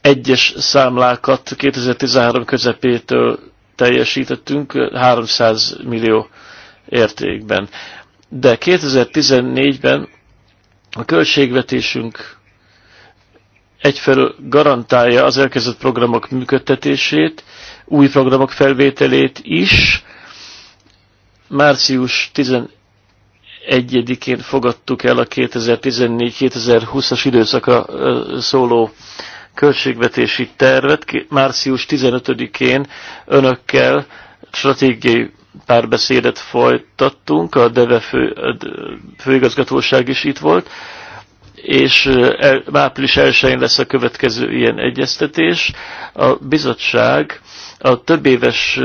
Speaker 1: Egyes számlákat 2013 közepétől teljesítettünk 300 millió értékben. De 2014-ben a költségvetésünk egyfelől garantálja az elkezdett programok működtetését, új programok felvételét is, Március 11-én fogadtuk el a 2014-2020-as időszaka szóló költségvetési tervet. Március 15-én önökkel stratégiai párbeszédet folytattunk, a DEVE fő, főigazgatóság is itt volt, és április 1-én lesz a következő ilyen egyeztetés. A bizottság a több éves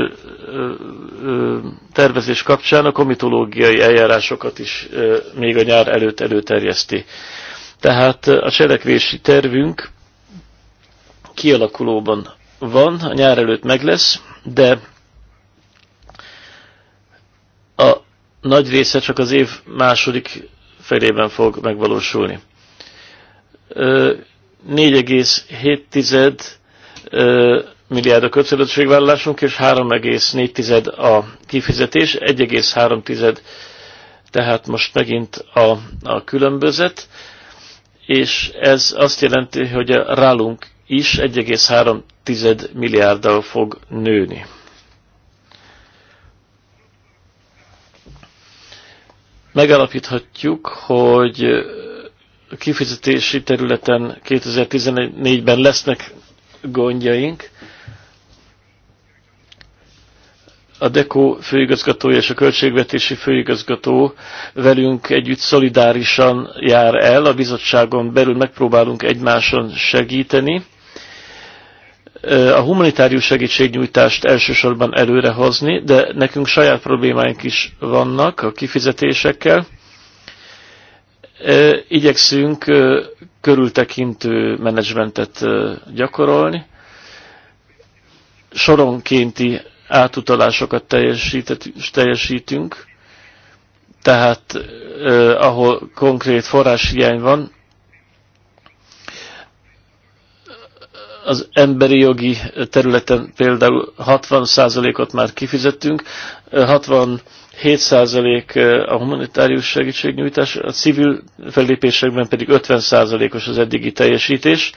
Speaker 1: tervezés kapcsán a komitológiai eljárásokat is még a nyár előtt előterjeszti. Tehát a cselekvési tervünk kialakulóban van, a nyár előtt meg lesz, de a nagy része csak az év második felében fog megvalósulni. 4,7 milliárd a kötelezettségvállalásunk, és 3,4 a kifizetés, 1,3 tehát most megint a, a különbözet, és ez azt jelenti, hogy a rálunk is 1,3 milliárddal fog nőni. Megalapíthatjuk, hogy kifizetési területen 2014-ben lesznek gondjaink. A DECO főigazgatója és a költségvetési főigazgató velünk együtt szolidárisan jár el, a bizottságon belül megpróbálunk egymáson segíteni. A humanitárius segítségnyújtást elsősorban előrehozni, de nekünk saját problémáink is vannak a kifizetésekkel Igyekszünk körültekintő menedzsmentet gyakorolni. Soronkénti átutalásokat teljesítünk, tehát ahol konkrét forráshiány van, az emberi jogi területen például 60%-ot már kifizettünk, 60 7% eh, a humanitárius segítségnyújtás, a civil fellépésekben pedig 50%-os az eddigi teljesítés.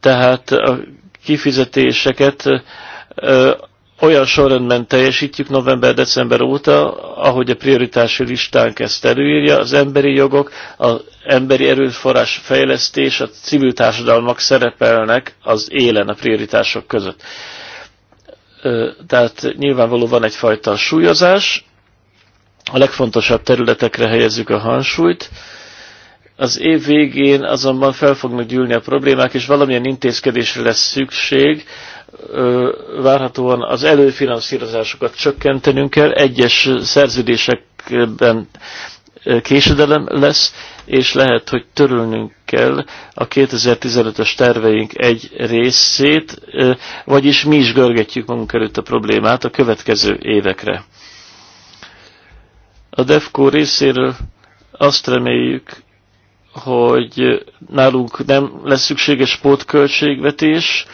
Speaker 1: Tehát a kifizetéseket eh, olyan sorrendben teljesítjük november-december óta, ahogy a prioritási listánk ezt előírja, az emberi jogok, az emberi erőforrás fejlesztés, a civil társadalmak szerepelnek az élen a prioritások között. Eh, tehát nyilvánvalóan van egyfajta súlyozás, a legfontosabb területekre helyezzük a hangsúlyt. Az év végén azonban fel fognak gyűlni a problémák, és valamilyen intézkedésre lesz szükség. Várhatóan az előfinanszírozásokat csökkentenünk kell, egyes szerződésekben késedelem lesz, és lehet, hogy törölnünk kell a 2015-ös terveink egy részét, vagyis mi is görgetjük magunk előtt a problémát a következő évekre. A DEFCO részéről azt reméljük, hogy nálunk nem lesz szükséges pótköltségvetés,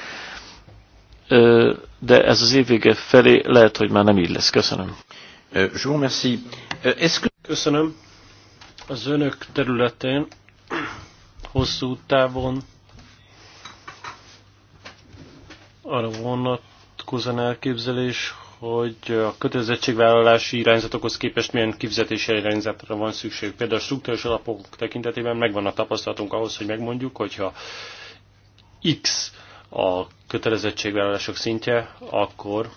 Speaker 1: de ez az évvége felé lehet, hogy már nem így lesz. Köszönöm. Köszönöm. Az önök területén hosszú távon
Speaker 2: arra vonatkozóan elképzelés, hogy a kötelezettségvállalási irányzatokhoz képest milyen kifizetési irányzatra van szükség. Például a struktúrás alapok tekintetében megvan a tapasztalatunk ahhoz, hogy megmondjuk, hogyha X a kötelezettségvállalások szintje, akkor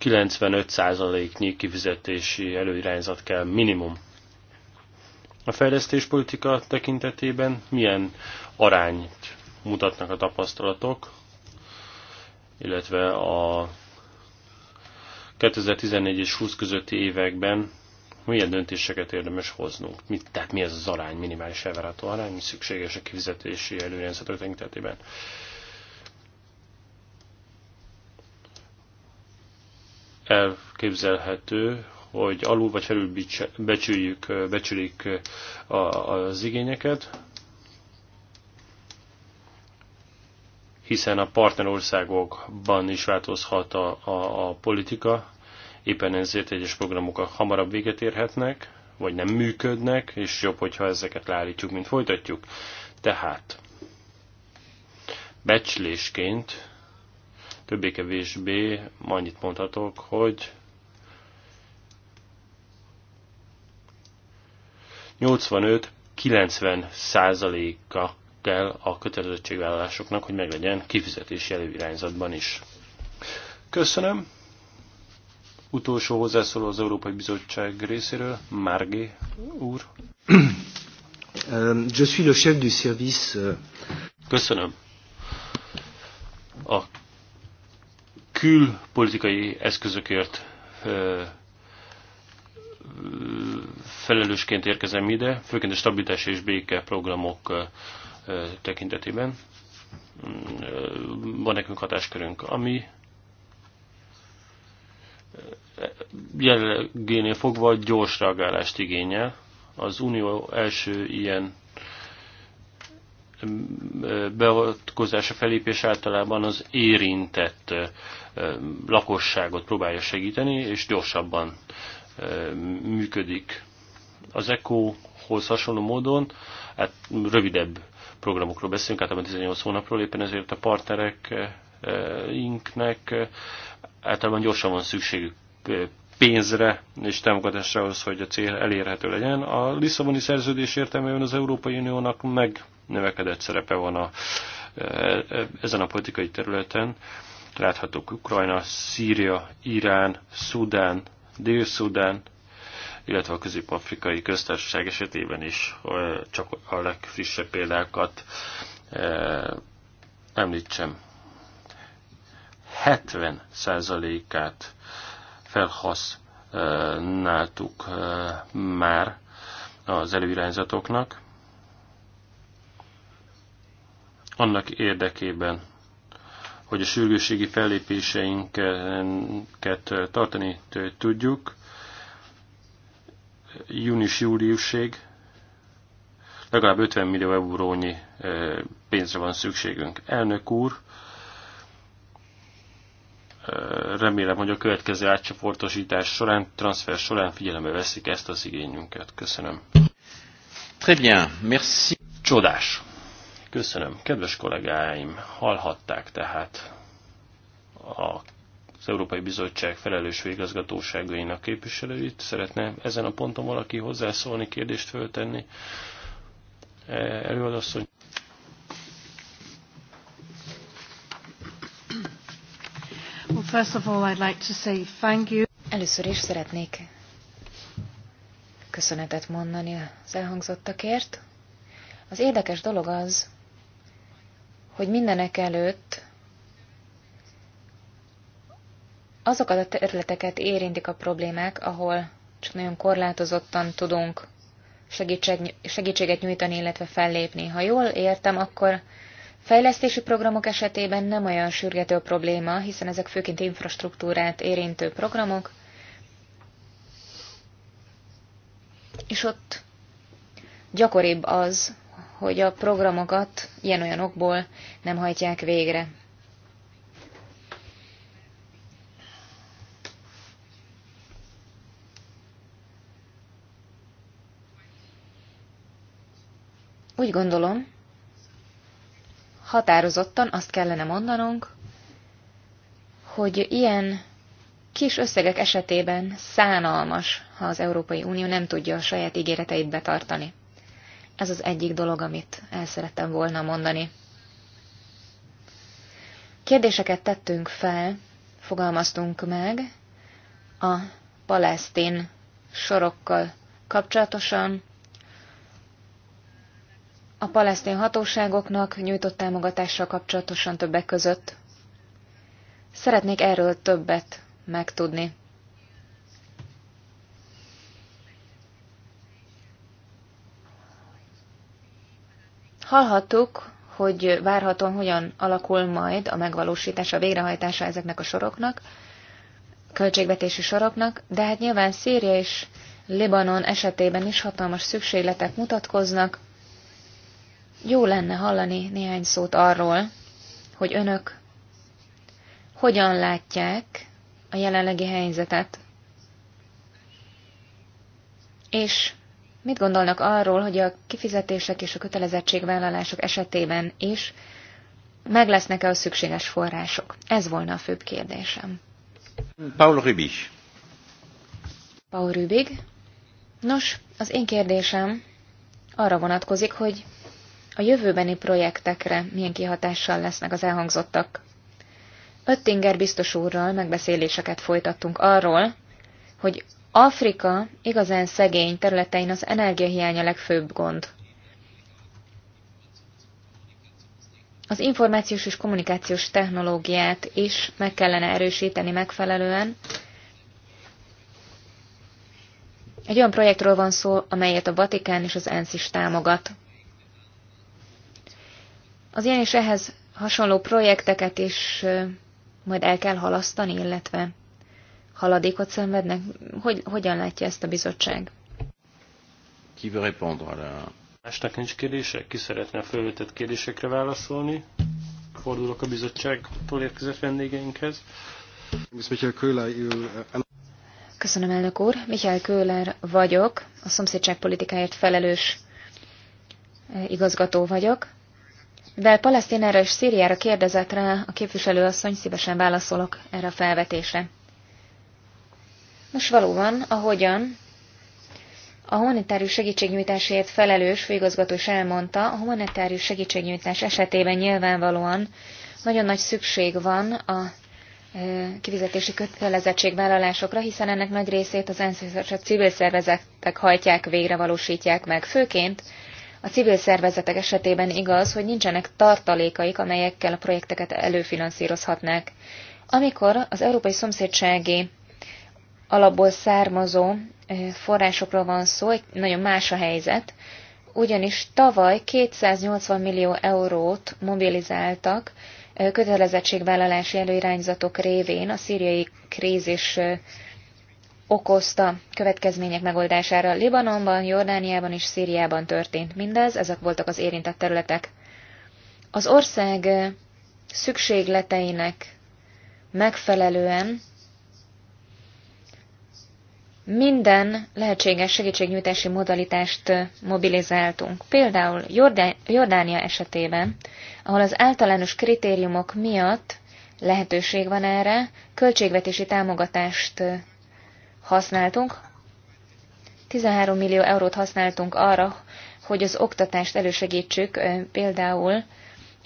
Speaker 2: 95%-nyi kifizetési előirányzat kell minimum. A fejlesztéspolitika tekintetében milyen arányt mutatnak a tapasztalatok, illetve a 2014 és 20 közötti években milyen döntéseket érdemes hoznunk? Mit, tehát mi ez az arány, minimális elvárható arány, mi szükséges a kifizetési előrendszerek tekintetében? Elképzelhető, hogy alul vagy felül becsüljük, becsülik az igényeket, hiszen a partnerországokban is változhat a, a, a politika, éppen ezért egyes programok hamarabb véget érhetnek, vagy nem működnek, és jobb, hogyha ezeket leállítjuk, mint folytatjuk. Tehát becslésként többé-kevésbé annyit mondhatok, hogy 85-90 százaléka kell a kötelezettségvállalásoknak, hogy meglegyen kifizetési előirányzatban is. Köszönöm. Utolsó hozzászóló az Európai Bizottság részéről, Márgé úr. Euh, je suis le chef du service. Euh. Köszönöm. A külpolitikai eszközökért felelősként érkezem ide, főként a stabilitás és béke programok tekintetében. Van nekünk hatáskörünk, ami jelenlegénél fogva gyors reagálást igényel. Az Unió első ilyen beavatkozása felépés általában az érintett lakosságot próbálja segíteni, és gyorsabban működik. Az ECO-hoz hasonló módon hát rövidebb programokról beszélünk, általában 18 hónapról, éppen ezért a partnerekinknek, eh, általában gyorsan van szükségük pénzre és támogatásra ahhoz, hogy a cél elérhető legyen. A Lisszaboni szerződés értelmében az Európai Uniónak meg növekedett szerepe van a, eh, ezen a politikai területen. Láthatók Ukrajna, Szíria, Irán, Szudán, Dél-Szudán, illetve a közép-afrikai köztársaság esetében is csak a legfrissebb példákat említsem. 70%-át felhasználtuk már az előirányzatoknak, annak érdekében, hogy a sürgőségi fellépéseinket tartani tudjuk június-júliusig legalább 50 millió eurónyi e, pénzre van szükségünk. Elnök úr, e, remélem, hogy a következő átcsoportosítás során, transfer során figyelembe veszik ezt az igényünket. Köszönöm. Très bien, merci. Csodás. Köszönöm. Kedves kollégáim, hallhatták tehát a az Európai Bizottság felelős végazgatóságainak képviselőit. Szeretne ezen a ponton valaki hozzászólni, kérdést föltenni? E, Előadasszony.
Speaker 3: Well, first of all, I'd like to say thank you. Először is szeretnék köszönetet mondani az elhangzottakért. Az érdekes dolog az, hogy mindenek előtt azokat a területeket érintik a problémák, ahol csak nagyon korlátozottan tudunk segítség, segítséget nyújtani, illetve fellépni. Ha jól értem, akkor fejlesztési programok esetében nem olyan sürgető a probléma, hiszen ezek főként infrastruktúrát érintő programok, és ott gyakoribb az, hogy a programokat ilyen okból nem hajtják végre. Úgy gondolom, határozottan azt kellene mondanunk, hogy ilyen kis összegek esetében szánalmas, ha az Európai Unió nem tudja a saját ígéreteit betartani. Ez az egyik dolog, amit el szerettem volna mondani. Kérdéseket tettünk fel, fogalmaztunk meg a palesztin sorokkal kapcsolatosan, a palesztin hatóságoknak nyújtott támogatással kapcsolatosan többek között. Szeretnék erről többet megtudni. Hallhattuk, hogy várhatóan hogyan alakul majd a megvalósítása, a végrehajtása ezeknek a soroknak, költségvetési soroknak, de hát nyilván Szíria és Libanon esetében is hatalmas szükségletek mutatkoznak, jó lenne hallani néhány szót arról, hogy önök hogyan látják a jelenlegi helyzetet, és mit gondolnak arról, hogy a kifizetések és a kötelezettségvállalások esetében is meg lesznek-e a szükséges források? Ez volna a főbb kérdésem. Paul Rübig. Paul Rübig. Nos, az én kérdésem arra vonatkozik, hogy a jövőbeni projektekre milyen kihatással lesznek az elhangzottak. Öttinger biztos úrral megbeszéléseket folytattunk arról, hogy Afrika igazán szegény területein az energiahiány a legfőbb gond. Az információs és kommunikációs technológiát is meg kellene erősíteni megfelelően. Egy olyan projektről van szó, amelyet a Vatikán és az ENSZ is támogat. Az ilyen és ehhez hasonló projekteket is majd el kell halasztani, illetve haladékot szenvednek? Hogy, hogyan látja ezt a bizottság?
Speaker 2: Ki veut Másnak nincs kérdések? Ki szeretne a felvetett kérdésekre válaszolni? Fordulok a bizottságtól érkezett vendégeinkhez.
Speaker 3: Köszönöm, elnök úr. Mihály Köhler vagyok, a szomszédságpolitikáért felelős igazgató vagyok. De Palesztinára és Szíriára kérdezett rá a képviselőasszony, szívesen válaszolok erre a felvetésre. Most valóban, ahogyan a humanitárius segítségnyújtásért felelős főigazgató is elmondta, a humanitárius segítségnyújtás esetében nyilvánvalóan nagyon nagy szükség van a kivizetési kötelezettségvállalásokra, hiszen ennek nagy részét az ENSZ és a civil szervezetek hajtják végre, valósítják meg, főként a civil szervezetek esetében igaz, hogy nincsenek tartalékaik, amelyekkel a projekteket előfinanszírozhatnák. Amikor az európai szomszédsági alapból származó forrásokról van szó, egy nagyon más a helyzet, ugyanis tavaly 280 millió eurót mobilizáltak kötelezettségvállalási előirányzatok révén a szíriai krízis okozta következmények megoldására. Libanonban, Jordániában és Szíriában történt mindez, ezek voltak az érintett területek. Az ország szükségleteinek megfelelően minden lehetséges segítségnyújtási modalitást mobilizáltunk. Például Jordánia esetében, ahol az általános kritériumok miatt lehetőség van erre, költségvetési támogatást használtunk. 13 millió eurót használtunk arra, hogy az oktatást elősegítsük például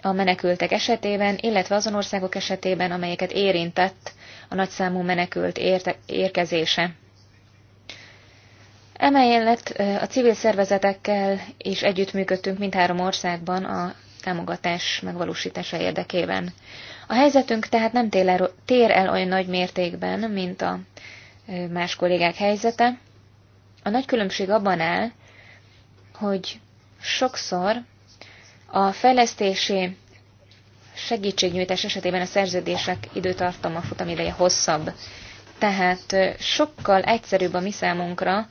Speaker 3: a menekültek esetében, illetve azon országok esetében, amelyeket érintett a nagyszámú menekült érkezése. Emellett a civil szervezetekkel is együttműködtünk mindhárom országban a támogatás megvalósítása érdekében. A helyzetünk tehát nem tér el olyan nagy mértékben, mint a más kollégák helyzete. A nagy különbség abban áll, hogy sokszor a fejlesztési segítségnyújtás esetében a szerződések időtartama futamideje hosszabb. Tehát sokkal egyszerűbb a mi számunkra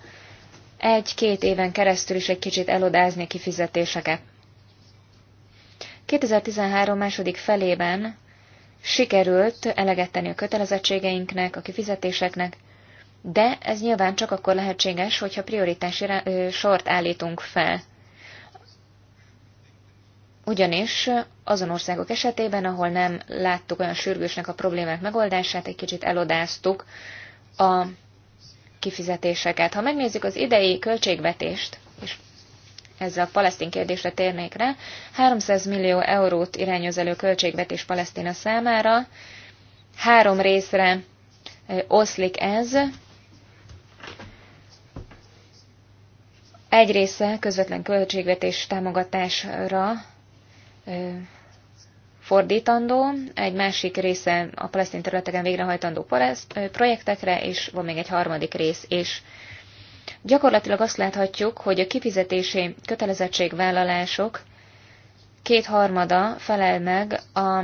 Speaker 3: egy-két éven keresztül is egy kicsit elodázni a kifizetéseket. 2013 második felében sikerült eleget tenni a kötelezettségeinknek, a kifizetéseknek, de ez nyilván csak akkor lehetséges, hogyha prioritási sort állítunk fel. Ugyanis azon országok esetében, ahol nem láttuk olyan sürgősnek a problémák megoldását, egy kicsit elodáztuk a kifizetéseket. Ha megnézzük az idei költségvetést, és ezzel a palesztin kérdésre térnék rá, 300 millió eurót irányoz elő költségvetés Palesztina számára, három részre oszlik ez, Egy része közvetlen költségvetés támogatásra fordítandó, egy másik része a palesztin területeken végrehajtandó projektekre, és van még egy harmadik rész is. Gyakorlatilag azt láthatjuk, hogy a kifizetési kötelezettségvállalások kétharmada felel meg a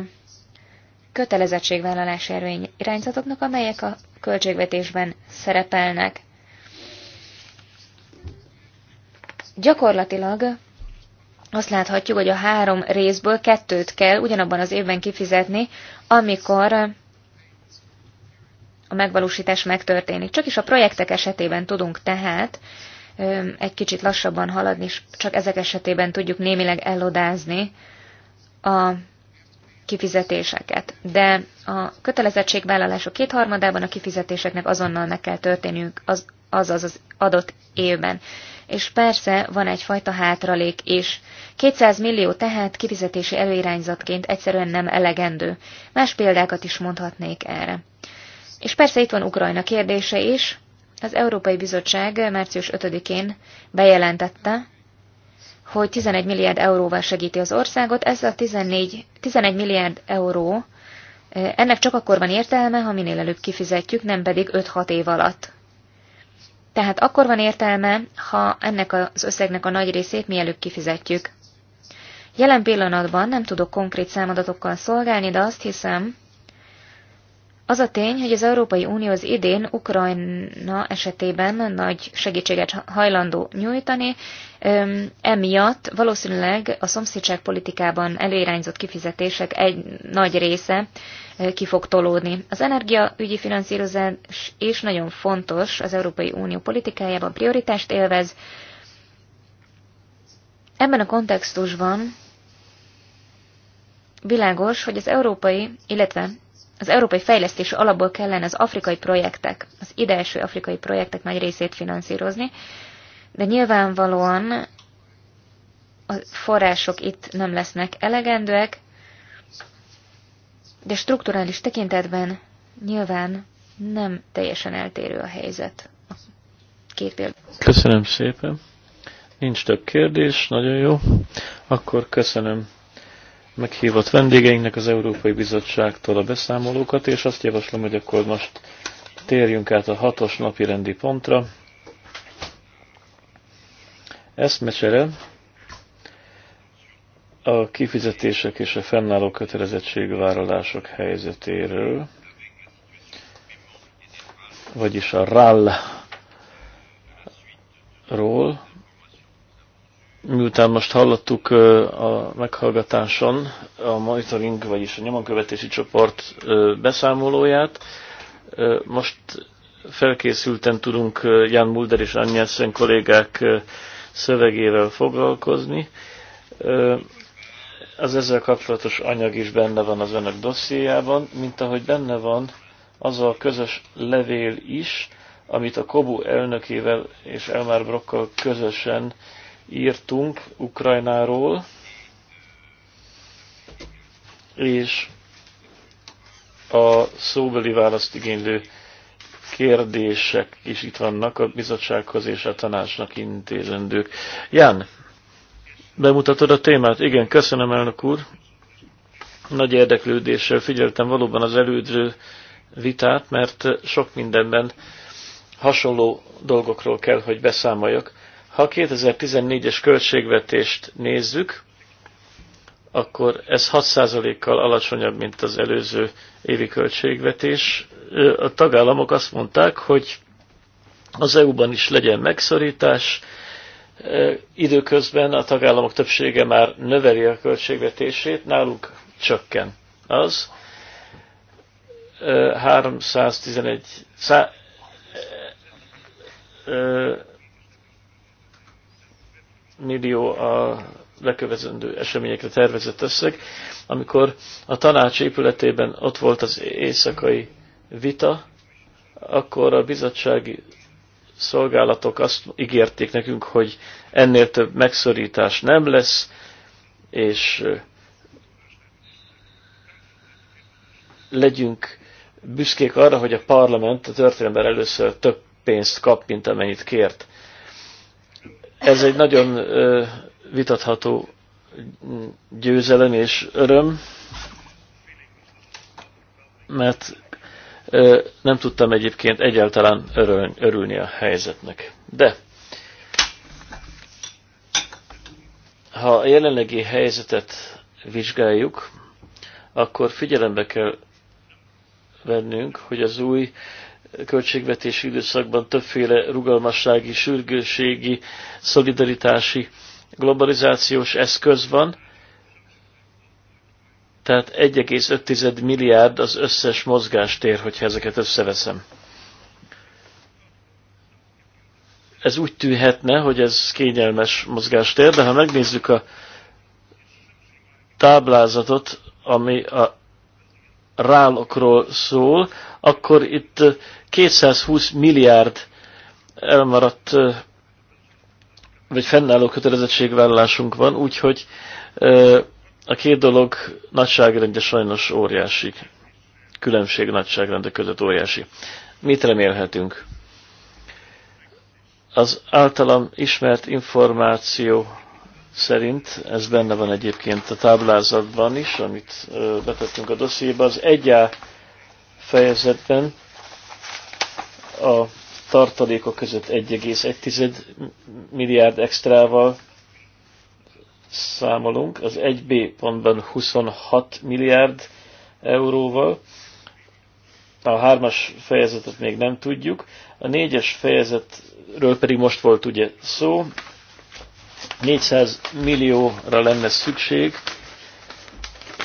Speaker 3: kötelezettségvállalási irányzatoknak, amelyek a költségvetésben szerepelnek. Gyakorlatilag azt láthatjuk, hogy a három részből kettőt kell ugyanabban az évben kifizetni, amikor a megvalósítás megtörténik. Csak is a projektek esetében tudunk tehát egy kicsit lassabban haladni, és csak ezek esetében tudjuk némileg ellodázni a kifizetéseket. De a kötelezettségvállalások kétharmadában a kifizetéseknek azonnal meg kell történniük, az, azaz az adott évben és persze van egyfajta hátralék is. 200 millió tehát kifizetési előirányzatként egyszerűen nem elegendő. Más példákat is mondhatnék erre. És persze itt van Ukrajna kérdése is. Az Európai Bizottság március 5-én bejelentette, hogy 11 milliárd euróval segíti az országot, ez a 14, 11 milliárd euró eh, ennek csak akkor van értelme, ha minél előbb kifizetjük, nem pedig 5-6 év alatt. Tehát akkor van értelme, ha ennek az összegnek a nagy részét mielőbb kifizetjük. Jelen pillanatban nem tudok konkrét számadatokkal szolgálni, de azt hiszem, az a tény, hogy az Európai Unió az idén Ukrajna esetében nagy segítséget hajlandó nyújtani, emiatt valószínűleg a szomszédságpolitikában előirányzott kifizetések egy nagy része ki fog tolódni. Az energiaügyi finanszírozás is nagyon fontos az Európai Unió politikájában prioritást élvez. Ebben a kontextusban világos, hogy az európai, illetve az Európai Fejlesztési Alapból kellene az afrikai projektek, az ideeső afrikai projektek nagy részét finanszírozni, de nyilvánvalóan a források itt nem lesznek elegendőek, de strukturális tekintetben nyilván nem teljesen eltérő a helyzet. A két példa.
Speaker 1: Köszönöm szépen. Nincs több kérdés, nagyon jó. Akkor köszönöm meghívott vendégeinknek az Európai Bizottságtól a beszámolókat, és azt javaslom, hogy akkor most térjünk át a hatos napi rendi pontra. Eszmecsere a kifizetések és a fennálló kötelezettségvállalások helyzetéről, vagyis a RAL-ról, miután most hallottuk a meghallgatáson a monitoring, vagyis a nyomonkövetési csoport beszámolóját, most felkészülten tudunk Jan Mulder és Anyelszen kollégák szövegével foglalkozni. Az ezzel kapcsolatos anyag is benne van az önök dossziéjában, mint ahogy benne van az a közös levél is, amit a Kobu elnökével és Elmar Brokkal közösen írtunk Ukrajnáról, és a szóbeli választ igénylő kérdések is itt vannak a bizottsághoz és a tanácsnak intézendők. Ján, bemutatod a témát? Igen, köszönöm, elnök úr. Nagy érdeklődéssel figyeltem valóban az elődő vitát, mert sok mindenben hasonló dolgokról kell, hogy beszámoljak. Ha a 2014-es költségvetést nézzük, akkor ez 6%-kal alacsonyabb, mint az előző évi költségvetés. A tagállamok azt mondták, hogy az EU-ban is legyen megszorítás, időközben a tagállamok többsége már növeli a költségvetését, náluk csökken az. 311, millió a lekövezendő eseményekre tervezett összeg. Amikor a tanács épületében ott volt az éjszakai vita, akkor a bizottsági szolgálatok azt ígérték nekünk, hogy ennél több megszorítás nem lesz, és legyünk büszkék arra, hogy a parlament a történelemben először több pénzt kap, mint amennyit kért. Ez egy nagyon vitatható győzelem és öröm, mert nem tudtam egyébként egyáltalán örülni a helyzetnek. De ha a jelenlegi helyzetet vizsgáljuk, akkor figyelembe kell vennünk, hogy az új költségvetési időszakban többféle rugalmassági, sürgőségi, szolidaritási, globalizációs eszköz van, tehát 1,5 milliárd az összes mozgástér, hogyha ezeket összeveszem. Ez úgy tűnhetne, hogy ez kényelmes mozgástér, de ha megnézzük a táblázatot, ami a rálokról szól, akkor itt 220 milliárd elmaradt vagy fennálló kötelezettségvállalásunk van, úgyhogy a két dolog nagyságrendje sajnos óriási. Különbség nagyságrendek között óriási. Mit remélhetünk? Az általam ismert információ szerint, ez benne van egyébként a táblázatban is, amit betettünk a dossziéba, az egyá fejezetben a tartalékok között 1,1 milliárd extrával számolunk, az 1B pontban 26 milliárd euróval, a hármas fejezetet még nem tudjuk, a négyes fejezetről pedig most volt ugye szó, 400 millióra lenne szükség,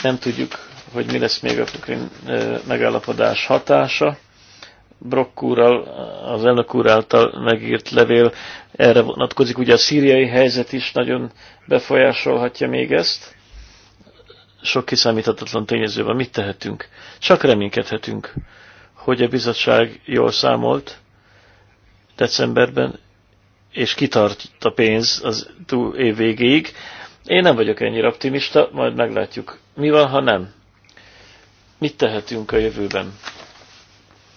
Speaker 1: nem tudjuk, hogy mi lesz még a Pukrin megállapodás hatása. Brock úrral, az elnök úr által megírt levél erre vonatkozik. Ugye a szíriai helyzet is nagyon befolyásolhatja még ezt. Sok kiszámíthatatlan tényező van. Mit tehetünk? Csak reménykedhetünk, hogy a bizottság jól számolt decemberben, és kitart a pénz az túl év végéig. Én nem vagyok ennyire optimista, majd meglátjuk. Mi van, ha nem? Mit tehetünk a jövőben?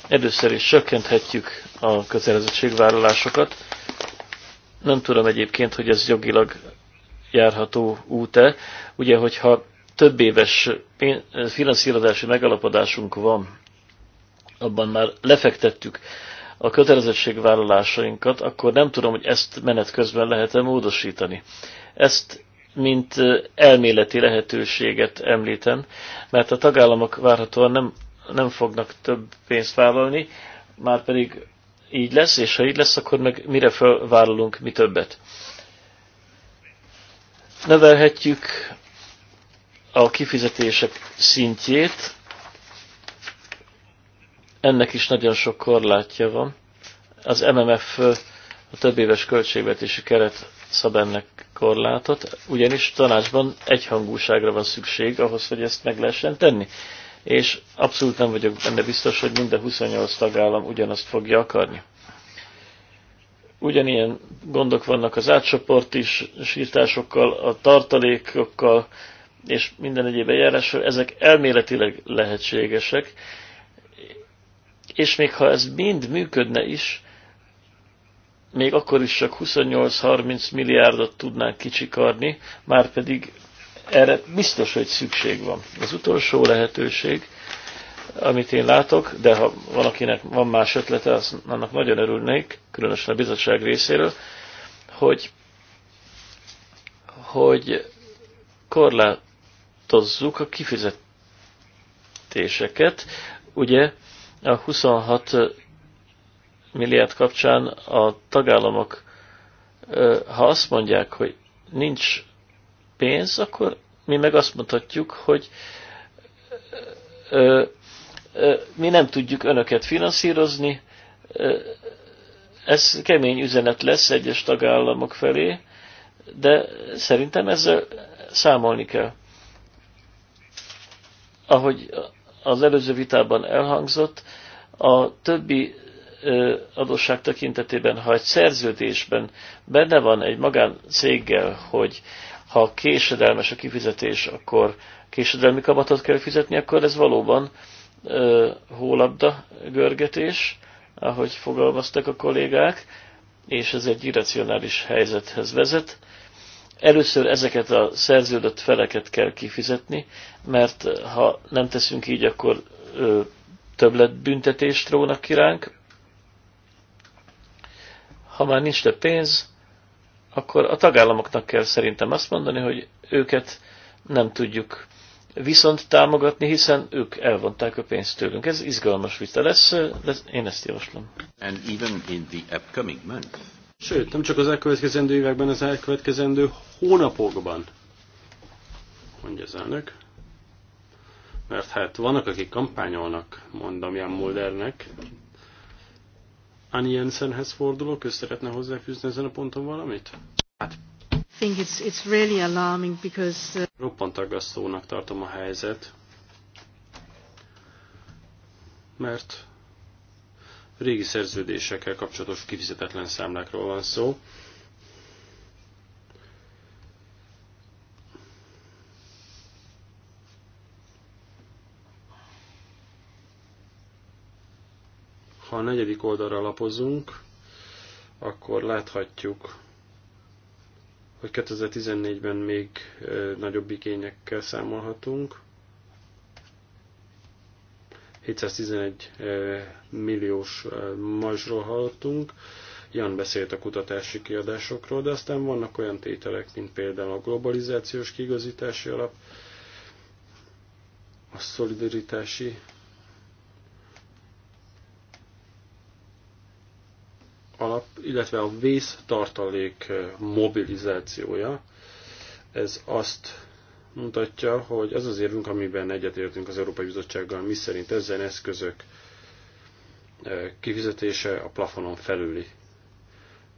Speaker 1: Először is sökkenthetjük a kötelezettségvállalásokat. Nem tudom egyébként, hogy ez jogilag járható út-e. Ugye, hogyha több éves finanszírozási megalapodásunk van, abban már lefektettük a kötelezettségvállalásainkat, akkor nem tudom, hogy ezt menet közben lehet-e módosítani. Ezt mint elméleti lehetőséget említem, mert a tagállamok várhatóan nem, nem fognak több pénzt vállalni, már pedig így lesz, és ha így lesz, akkor meg mire felvállalunk mi többet. Nevelhetjük a kifizetések szintjét, ennek is nagyon sok korlátja van. Az MMF a több éves költségvetési keret szab ennek korlátot, ugyanis tanácsban egyhangúságra van szükség ahhoz, hogy ezt meg lehessen tenni. És abszolút nem vagyok benne biztos, hogy minden 28 tagállam ugyanazt fogja akarni. Ugyanilyen gondok vannak az sírtásokkal, a tartalékokkal és minden egyéb eljárással. Ezek elméletileg lehetségesek, és még ha ez mind működne is, még akkor is csak 28-30 milliárdot tudnánk kicsikarni, már pedig erre biztos, hogy szükség van. Az utolsó lehetőség, amit én látok, de ha valakinek van más ötlete, az, annak nagyon örülnék, különösen a bizottság részéről, hogy, hogy korlátozzuk a kifizetéseket. Ugye a 26 milliárd kapcsán a tagállamok, ha azt mondják, hogy nincs pénz, akkor mi meg azt mondhatjuk, hogy mi nem tudjuk önöket finanszírozni, ez kemény üzenet lesz egyes tagállamok felé, de szerintem ezzel számolni kell. Ahogy az előző vitában elhangzott, a többi adósság tekintetében, ha egy szerződésben benne van egy magáncéggel, hogy ha késedelmes a kifizetés, akkor késedelmi kamatot kell fizetni, akkor ez valóban ö, hólabda görgetés, ahogy fogalmaztak a kollégák, és ez egy irracionális helyzethez vezet. Először ezeket a szerződött feleket kell kifizetni, mert ha nem teszünk így, akkor ö, többletbüntetést rónak kiránk. Ha már nincs több pénz, akkor a tagállamoknak kell szerintem azt mondani, hogy őket nem tudjuk viszont támogatni, hiszen ők elvonták a pénzt tőlünk. Ez izgalmas vita lesz, de én ezt javaslom. And even in the upcoming month.
Speaker 2: Sőt, nem csak az elkövetkezendő években, az elkövetkezendő hónapokban, mondja az elnök. Mert hát vannak, akik kampányolnak, mondom Jan Muldernek. Annie Jensenhez fordulok, ő szeretne hozzáfűzni ezen a ponton valamit? Hát
Speaker 3: think it's, it's really alarming because... Uh...
Speaker 2: Roppant aggasztónak tartom a helyzet, mert régi szerződésekkel kapcsolatos kifizetetlen számlákról van szó. Ha a negyedik oldalra lapozunk, akkor láthatjuk, hogy 2014-ben még eh, nagyobb igényekkel számolhatunk. 711 milliós majsról hallottunk, Jan beszélt a kutatási kiadásokról, de aztán vannak olyan tételek, mint például a globalizációs kigazítási alap, a szolidaritási alap, illetve a vész tartalék mobilizációja. Ez azt mutatja, hogy az az érvünk, amiben egyetértünk az Európai Bizottsággal, mi szerint ezen eszközök e, kifizetése a plafonon felüli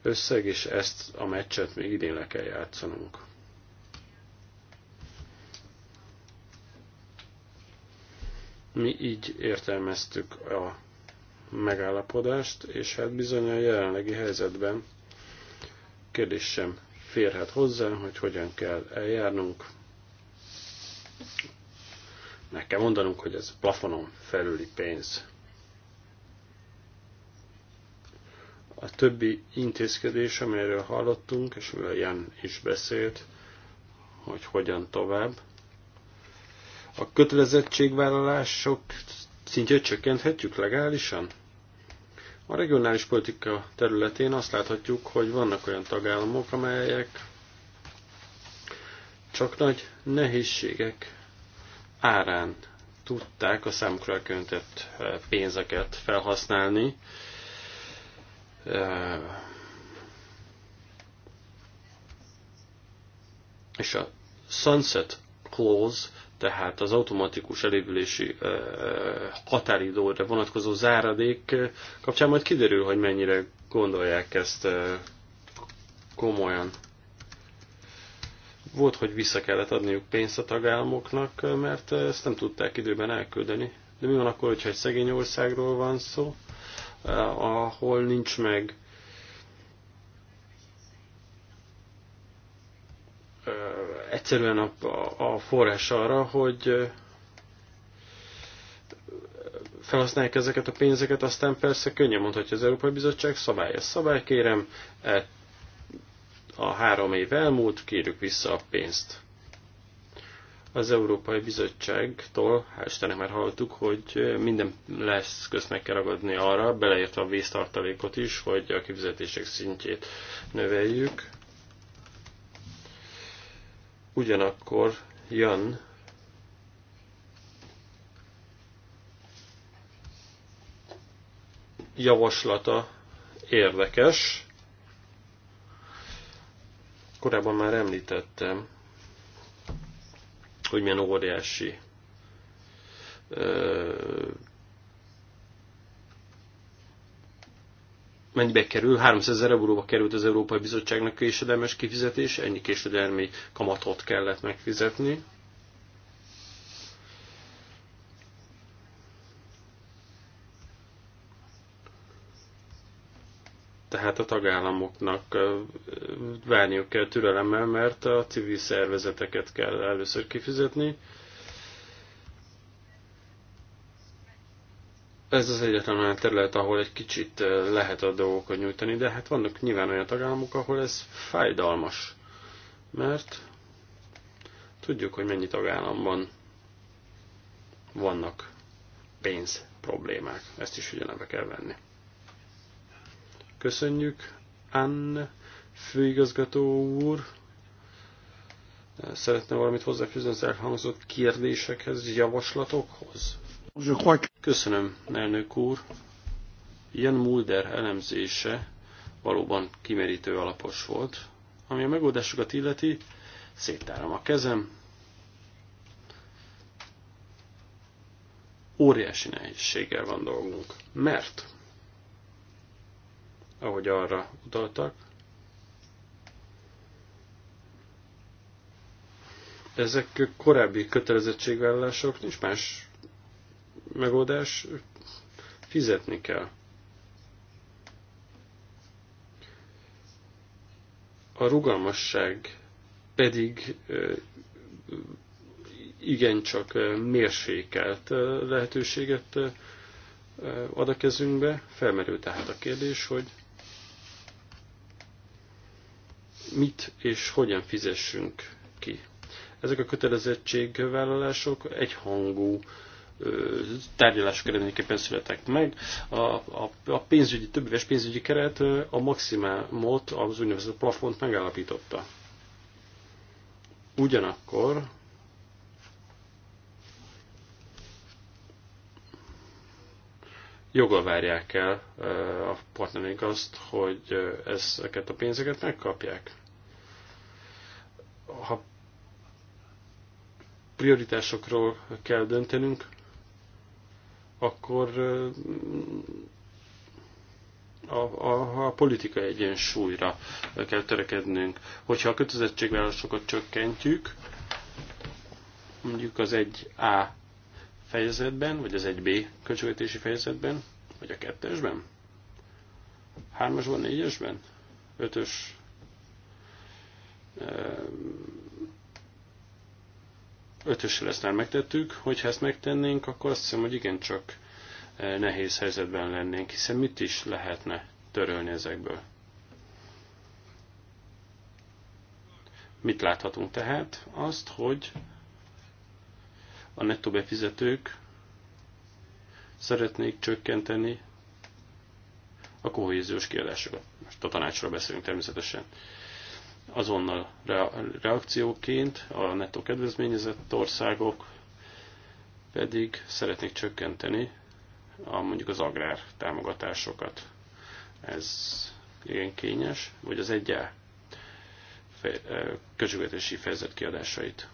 Speaker 2: összeg, és ezt a meccset még idén le kell játszanunk. Mi így értelmeztük a megállapodást, és hát bizony a jelenlegi helyzetben kérdés sem férhet hozzá, hogy hogyan kell eljárnunk. Meg kell mondanunk, hogy ez plafonon felüli pénz. A többi intézkedés, amiről hallottunk, és amiről Jan is beszélt, hogy hogyan tovább. A kötelezettségvállalások szintjét csökkenthetjük legálisan? A regionális politika területén azt láthatjuk, hogy vannak olyan tagállamok, amelyek csak nagy nehézségek árán tudták a számukra elköntett pénzeket felhasználni. És a sunset clause, tehát az automatikus elévülési határidóra vonatkozó záradék kapcsán majd kiderül, hogy mennyire gondolják ezt komolyan. Volt, hogy vissza kellett adniuk pénzt a tagállamoknak, mert ezt nem tudták időben elküldeni. De mi van akkor, hogyha egy szegény országról van szó, eh, ahol nincs meg eh, egyszerűen a, a forrás arra, hogy eh, felhasználják ezeket a pénzeket, aztán persze könnyen mondhatja az Európai Bizottság, szabály a szabály, kérem, a három év elmúlt, kérjük vissza a pénzt. Az Európai Bizottságtól, hát Istenek már hallottuk, hogy minden lesz közt meg kell ragadni arra, beleértve a víztartalékot is, hogy a kifizetések szintjét növeljük. Ugyanakkor jön javaslata érdekes, Korábban már említettem, hogy milyen óriási mennyibe kerül, 300 ezer euróba került az Európai Bizottságnak késedelmes kifizetés, ennyi késedelmi kamatot kellett megfizetni. tehát a tagállamoknak várniuk kell türelemmel, mert a civil szervezeteket kell először kifizetni. Ez az egyetlen olyan terület, ahol egy kicsit lehet a dolgokat nyújtani, de hát vannak nyilván olyan tagállamok, ahol ez fájdalmas, mert tudjuk, hogy mennyi tagállamban vannak pénz problémák. Ezt is figyelembe kell venni. Köszönjük, Ann főigazgató úr. Szeretne valamit hozzáfűzni az elhangzott kérdésekhez, javaslatokhoz? Köszönöm, elnök úr. Jan Mulder elemzése valóban kimerítő alapos volt. Ami a megoldásokat illeti, széttárom a kezem. Óriási nehézséggel van dolgunk, mert ahogy arra utaltak. ezek korábbi kötelezettségvállalások, nincs más megoldás, fizetni kell. A rugalmasság pedig igencsak mérsékelt lehetőséget ad a kezünkbe. Felmerül tehát a kérdés, hogy mit és hogyan fizessünk ki. Ezek a kötelezettségvállalások egyhangú tárgyalások eredményeképpen születek meg. A, a, a pénzügyi, éves pénzügyi keret a maximumot, az úgynevezett plafont megállapította. Ugyanakkor joga várják el a partnereink azt, hogy ezeket a pénzeket megkapják. Ha prioritásokról kell döntenünk, akkor a, a, a politika egyensúlyra kell törekednünk. Hogyha a kötelezettségvállalásokat csökkentjük, mondjuk az egy a fejezetben, vagy az 1B költségvetési fejezetben, vagy a 2-esben? 3-asban, 4-esben? 5-ös? Ehm, ötössel ezt már megtettük, hogyha ezt megtennénk, akkor azt hiszem, hogy igencsak e, nehéz helyzetben lennénk, hiszen mit is lehetne törölni ezekből. Mit láthatunk tehát? Azt, hogy a nettó befizetők szeretnék csökkenteni a kohéziós kiadásokat. Most a tanácsról beszélünk természetesen. Azonnal reakcióként a nettó kedvezményezett országok pedig szeretnék csökkenteni a, mondjuk az agrár támogatásokat. Ez igen kényes, vagy az egyá költségvetési fejezet kiadásait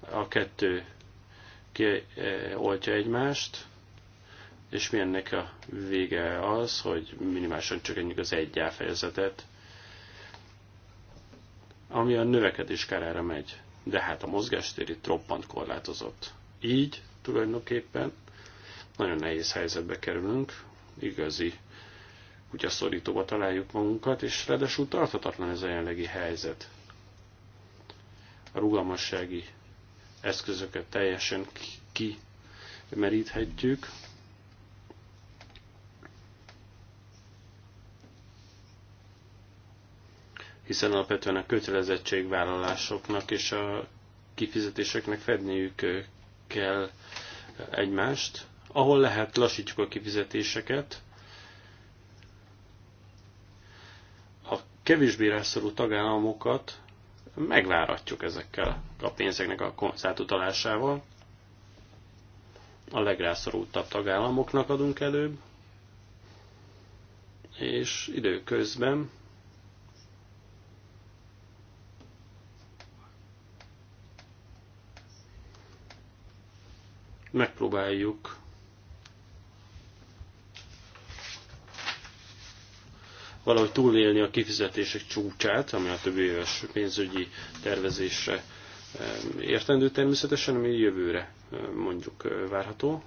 Speaker 2: a kettő kioltja e, egymást, és mi ennek a vége az, hogy minimálisan csökkentjük az egy fejezetet, ami a növekedés kárára megy. De hát a mozgástéri troppant korlátozott. Így tulajdonképpen nagyon nehéz helyzetbe kerülünk, igazi kutyaszorítóba találjuk magunkat, és ráadásul tartatatlan ez a jelenlegi helyzet. A rugalmassági eszközöket teljesen kimeríthetjük. hiszen alapvetően a kötelezettségvállalásoknak és a kifizetéseknek fedniük kell egymást. Ahol lehet, lassítjuk a kifizetéseket. A kevésbé rászorú tagállamokat megváratjuk ezekkel a pénzeknek a koncertutalásával. A legrászorultabb tagállamoknak adunk előbb, és időközben megpróbáljuk valahogy túlélni a kifizetések csúcsát, ami a többi éves pénzügyi tervezésre értendő természetesen, ami jövőre mondjuk várható.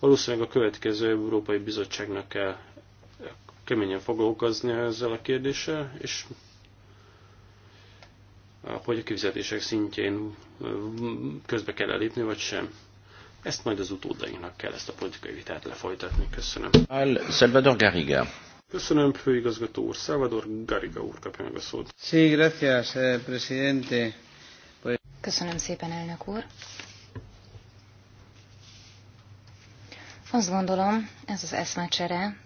Speaker 2: Valószínűleg a következő Európai Bizottságnak kell keményen foglalkozni ezzel a kérdéssel, és hogy a kifizetések szintjén közbe kell elépni, vagy sem. Ezt majd az utódainknak kell ezt a politikai vitát lefolytatni. Köszönöm. Salvador Garriga. Köszönöm, főigazgató úr. Salvador Gariga úr kapja meg a szót. Sí, gracias, eh, presidente. Köszönöm szépen, elnök úr.
Speaker 3: Azt gondolom, ez az eszmecsere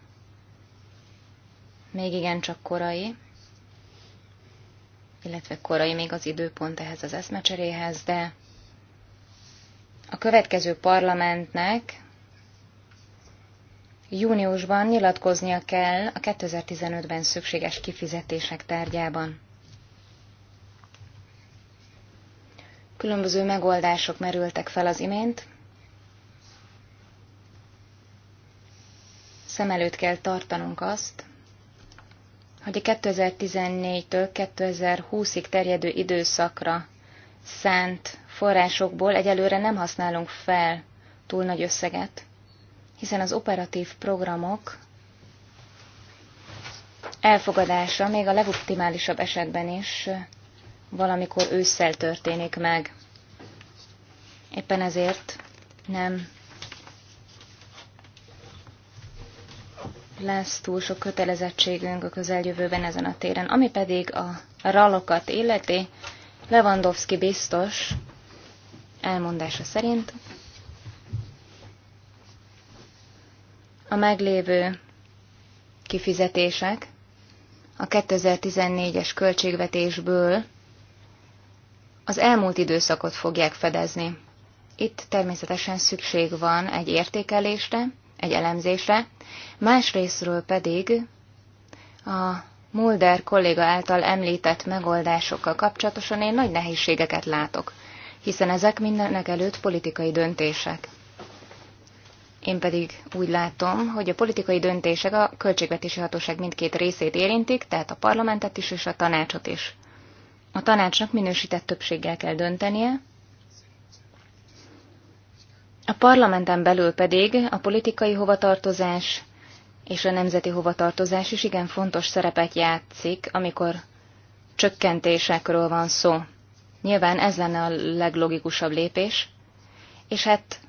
Speaker 3: még igencsak korai, illetve korai még az időpont ehhez az eszmecseréhez, de a következő parlamentnek júniusban nyilatkoznia kell a 2015-ben szükséges kifizetések tárgyában. Különböző megoldások merültek fel az imént. Szem előtt kell tartanunk azt, hogy a 2014-től 2020-ig terjedő időszakra szánt forrásokból egyelőre nem használunk fel túl nagy összeget, hiszen az operatív programok elfogadása még a legoptimálisabb esetben is valamikor ősszel történik meg. Éppen ezért nem lesz túl sok kötelezettségünk a közeljövőben ezen a téren. Ami pedig a ralokat illeti, Lewandowski biztos elmondása szerint a meglévő kifizetések a 2014-es költségvetésből az elmúlt időszakot fogják fedezni. Itt természetesen szükség van egy értékelésre, egy elemzésre, másrésztről pedig a Mulder kolléga által említett megoldásokkal kapcsolatosan én nagy nehézségeket látok, hiszen ezek mindenek előtt politikai döntések. Én pedig úgy látom, hogy a politikai döntések a költségvetési hatóság mindkét részét érintik, tehát a parlamentet is és a tanácsot is. A tanácsnak minősített többséggel kell döntenie, a parlamenten belül pedig a politikai hovatartozás és a nemzeti hovatartozás is igen fontos szerepet játszik, amikor csökkentésekről van szó. Nyilván ez lenne a leglogikusabb lépés, és hát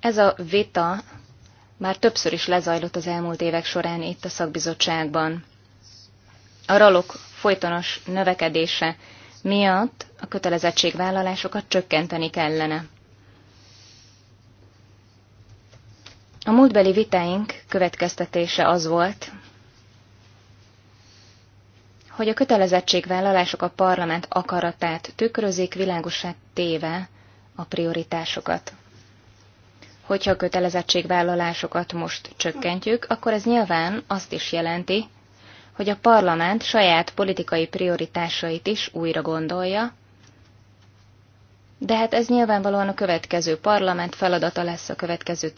Speaker 3: ez a vita már többször is lezajlott az elmúlt évek során itt a szakbizottságban. A ralok folytonos növekedése miatt a kötelezettségvállalásokat csökkenteni kellene. A múltbeli vitáink következtetése az volt, hogy a kötelezettségvállalások a parlament akaratát tükrözik, világosát téve a prioritásokat hogyha a kötelezettségvállalásokat most csökkentjük, akkor ez nyilván azt is jelenti, hogy a parlament saját politikai prioritásait is újra gondolja, de hát ez nyilvánvalóan a következő parlament feladata lesz a következő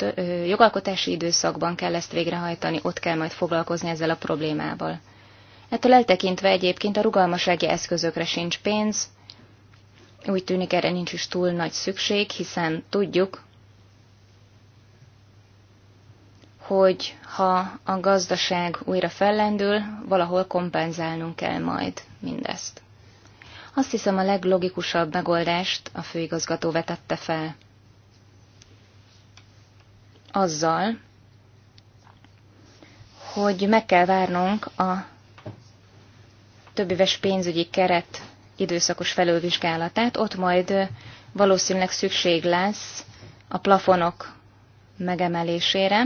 Speaker 3: jogalkotási időszakban kell ezt végrehajtani, ott kell majd foglalkozni ezzel a problémával. Ettől eltekintve egyébként a rugalmasági eszközökre sincs pénz, úgy tűnik erre nincs is túl nagy szükség, hiszen tudjuk, hogy ha a gazdaság újra fellendül, valahol kompenzálnunk kell majd mindezt. Azt hiszem a leglogikusabb megoldást a főigazgató vetette fel. Azzal, hogy meg kell várnunk a többéves pénzügyi keret időszakos felülvizsgálatát, ott majd valószínűleg szükség lesz a plafonok megemelésére,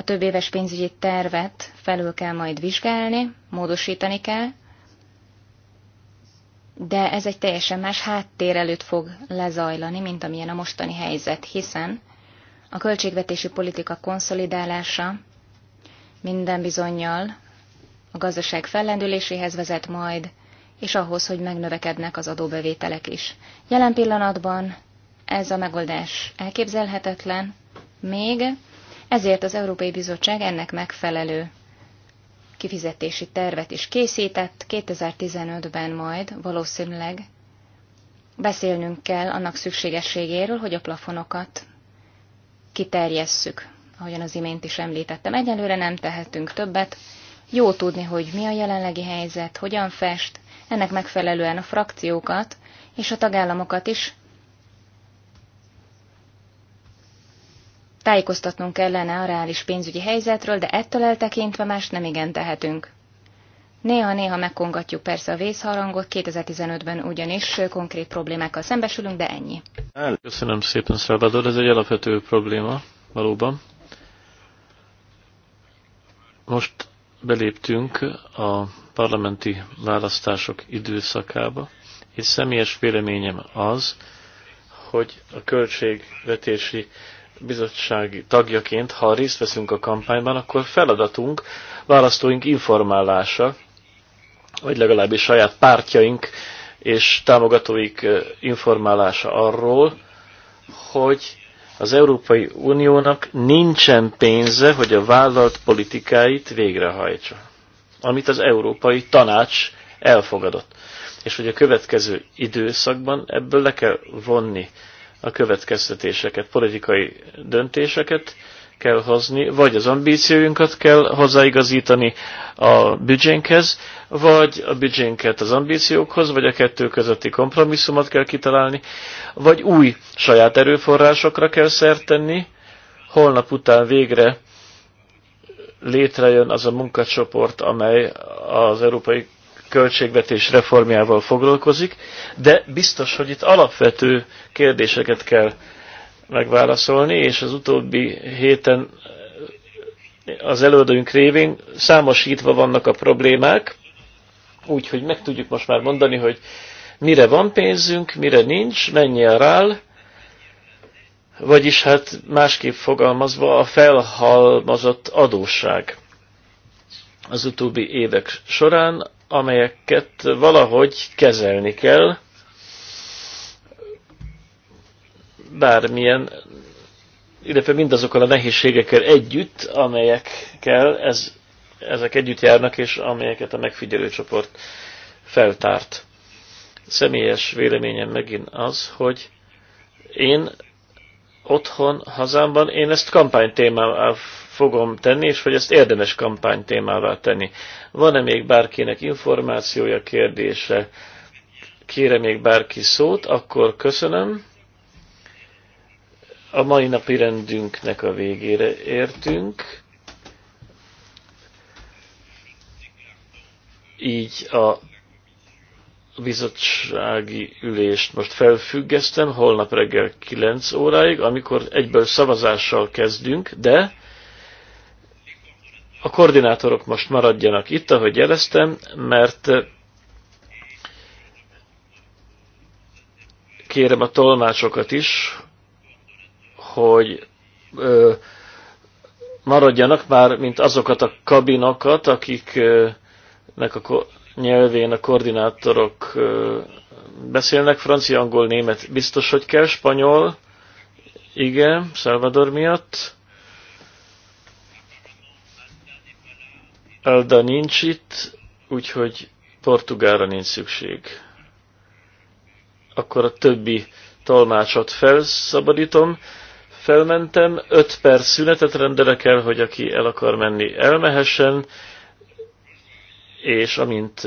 Speaker 3: a több éves pénzügyi tervet felül kell majd vizsgálni, módosítani kell, de ez egy teljesen más háttér előtt fog lezajlani, mint amilyen a mostani helyzet, hiszen a költségvetési politika konszolidálása minden bizonyal a gazdaság fellendüléséhez vezet majd, és ahhoz, hogy megnövekednek az adóbevételek is. Jelen pillanatban ez a megoldás elképzelhetetlen, még ezért az Európai Bizottság ennek megfelelő kifizetési tervet is készített, 2015-ben majd valószínűleg beszélnünk kell annak szükségességéről, hogy a plafonokat kiterjesszük. Ahogyan az imént is említettem, egyelőre nem tehetünk többet. Jó tudni, hogy mi a jelenlegi helyzet, hogyan fest, ennek megfelelően a frakciókat és a tagállamokat is Tájékoztatnunk kellene a reális pénzügyi helyzetről, de ettől eltekintve más nem igen tehetünk. Néha-néha megkongatjuk persze a vészharangot, 2015-ben ugyanis konkrét problémákkal szembesülünk, de ennyi.
Speaker 1: Köszönöm szépen, Salvador, ez egy alapvető probléma, valóban. Most beléptünk a parlamenti választások időszakába, és személyes véleményem az, hogy a költségvetési bizottsági tagjaként, ha részt veszünk a kampányban, akkor feladatunk választóink informálása, vagy legalábbis saját pártjaink és támogatóik informálása arról, hogy az Európai Uniónak nincsen pénze, hogy a vállalt politikáit végrehajtsa, amit az Európai Tanács elfogadott. És hogy a következő időszakban ebből le kell vonni a következtetéseket, politikai döntéseket kell hozni, vagy az ambícióinkat kell hozzáigazítani a büdzsénkhez, vagy a büdzsénket az ambíciókhoz, vagy a kettő közötti kompromisszumot kell kitalálni, vagy új saját erőforrásokra kell szert tenni, holnap után végre létrejön az a munkacsoport, amely az Európai költségvetés reformjával foglalkozik, de biztos, hogy itt alapvető kérdéseket kell megválaszolni, és az utóbbi héten az előadóink révén számosítva vannak a problémák, úgyhogy meg tudjuk most már mondani, hogy mire van pénzünk, mire nincs, mennyi a rál, vagyis hát másképp fogalmazva a felhalmazott adósság. Az utóbbi évek során amelyeket valahogy kezelni kell, bármilyen, illetve mindazokkal a nehézségekkel együtt, amelyekkel ez, ezek együtt járnak, és amelyeket a megfigyelőcsoport feltárt. Személyes véleményem megint az, hogy én otthon, hazámban, én ezt kampánytémával fogom tenni, és hogy ezt érdemes kampánytémává tenni. Van-e még bárkinek információja, kérdése? Kére még bárki szót? Akkor köszönöm. A mai napi rendünknek a végére értünk. Így a bizottsági ülést most felfüggesztem, holnap reggel 9 óráig, amikor egyből szavazással kezdünk, de a koordinátorok most maradjanak itt, ahogy jeleztem, mert eh, kérem a tolmácsokat is, hogy ö, eh, maradjanak már, mint azokat a kabinokat, akiknek a nyelvén a koordinátorok ö, eh, beszélnek. Francia, angol, német biztos, hogy kell, spanyol, igen, Salvador miatt Alda nincs itt, úgyhogy Portugára nincs szükség. Akkor a többi tolmácsot felszabadítom, felmentem, öt perc szünetet rendelek el, hogy aki el akar menni, elmehessen, és amint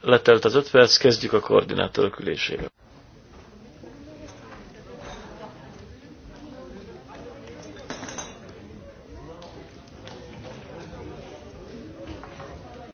Speaker 1: letelt az öt perc, kezdjük a koordinátor ülésével.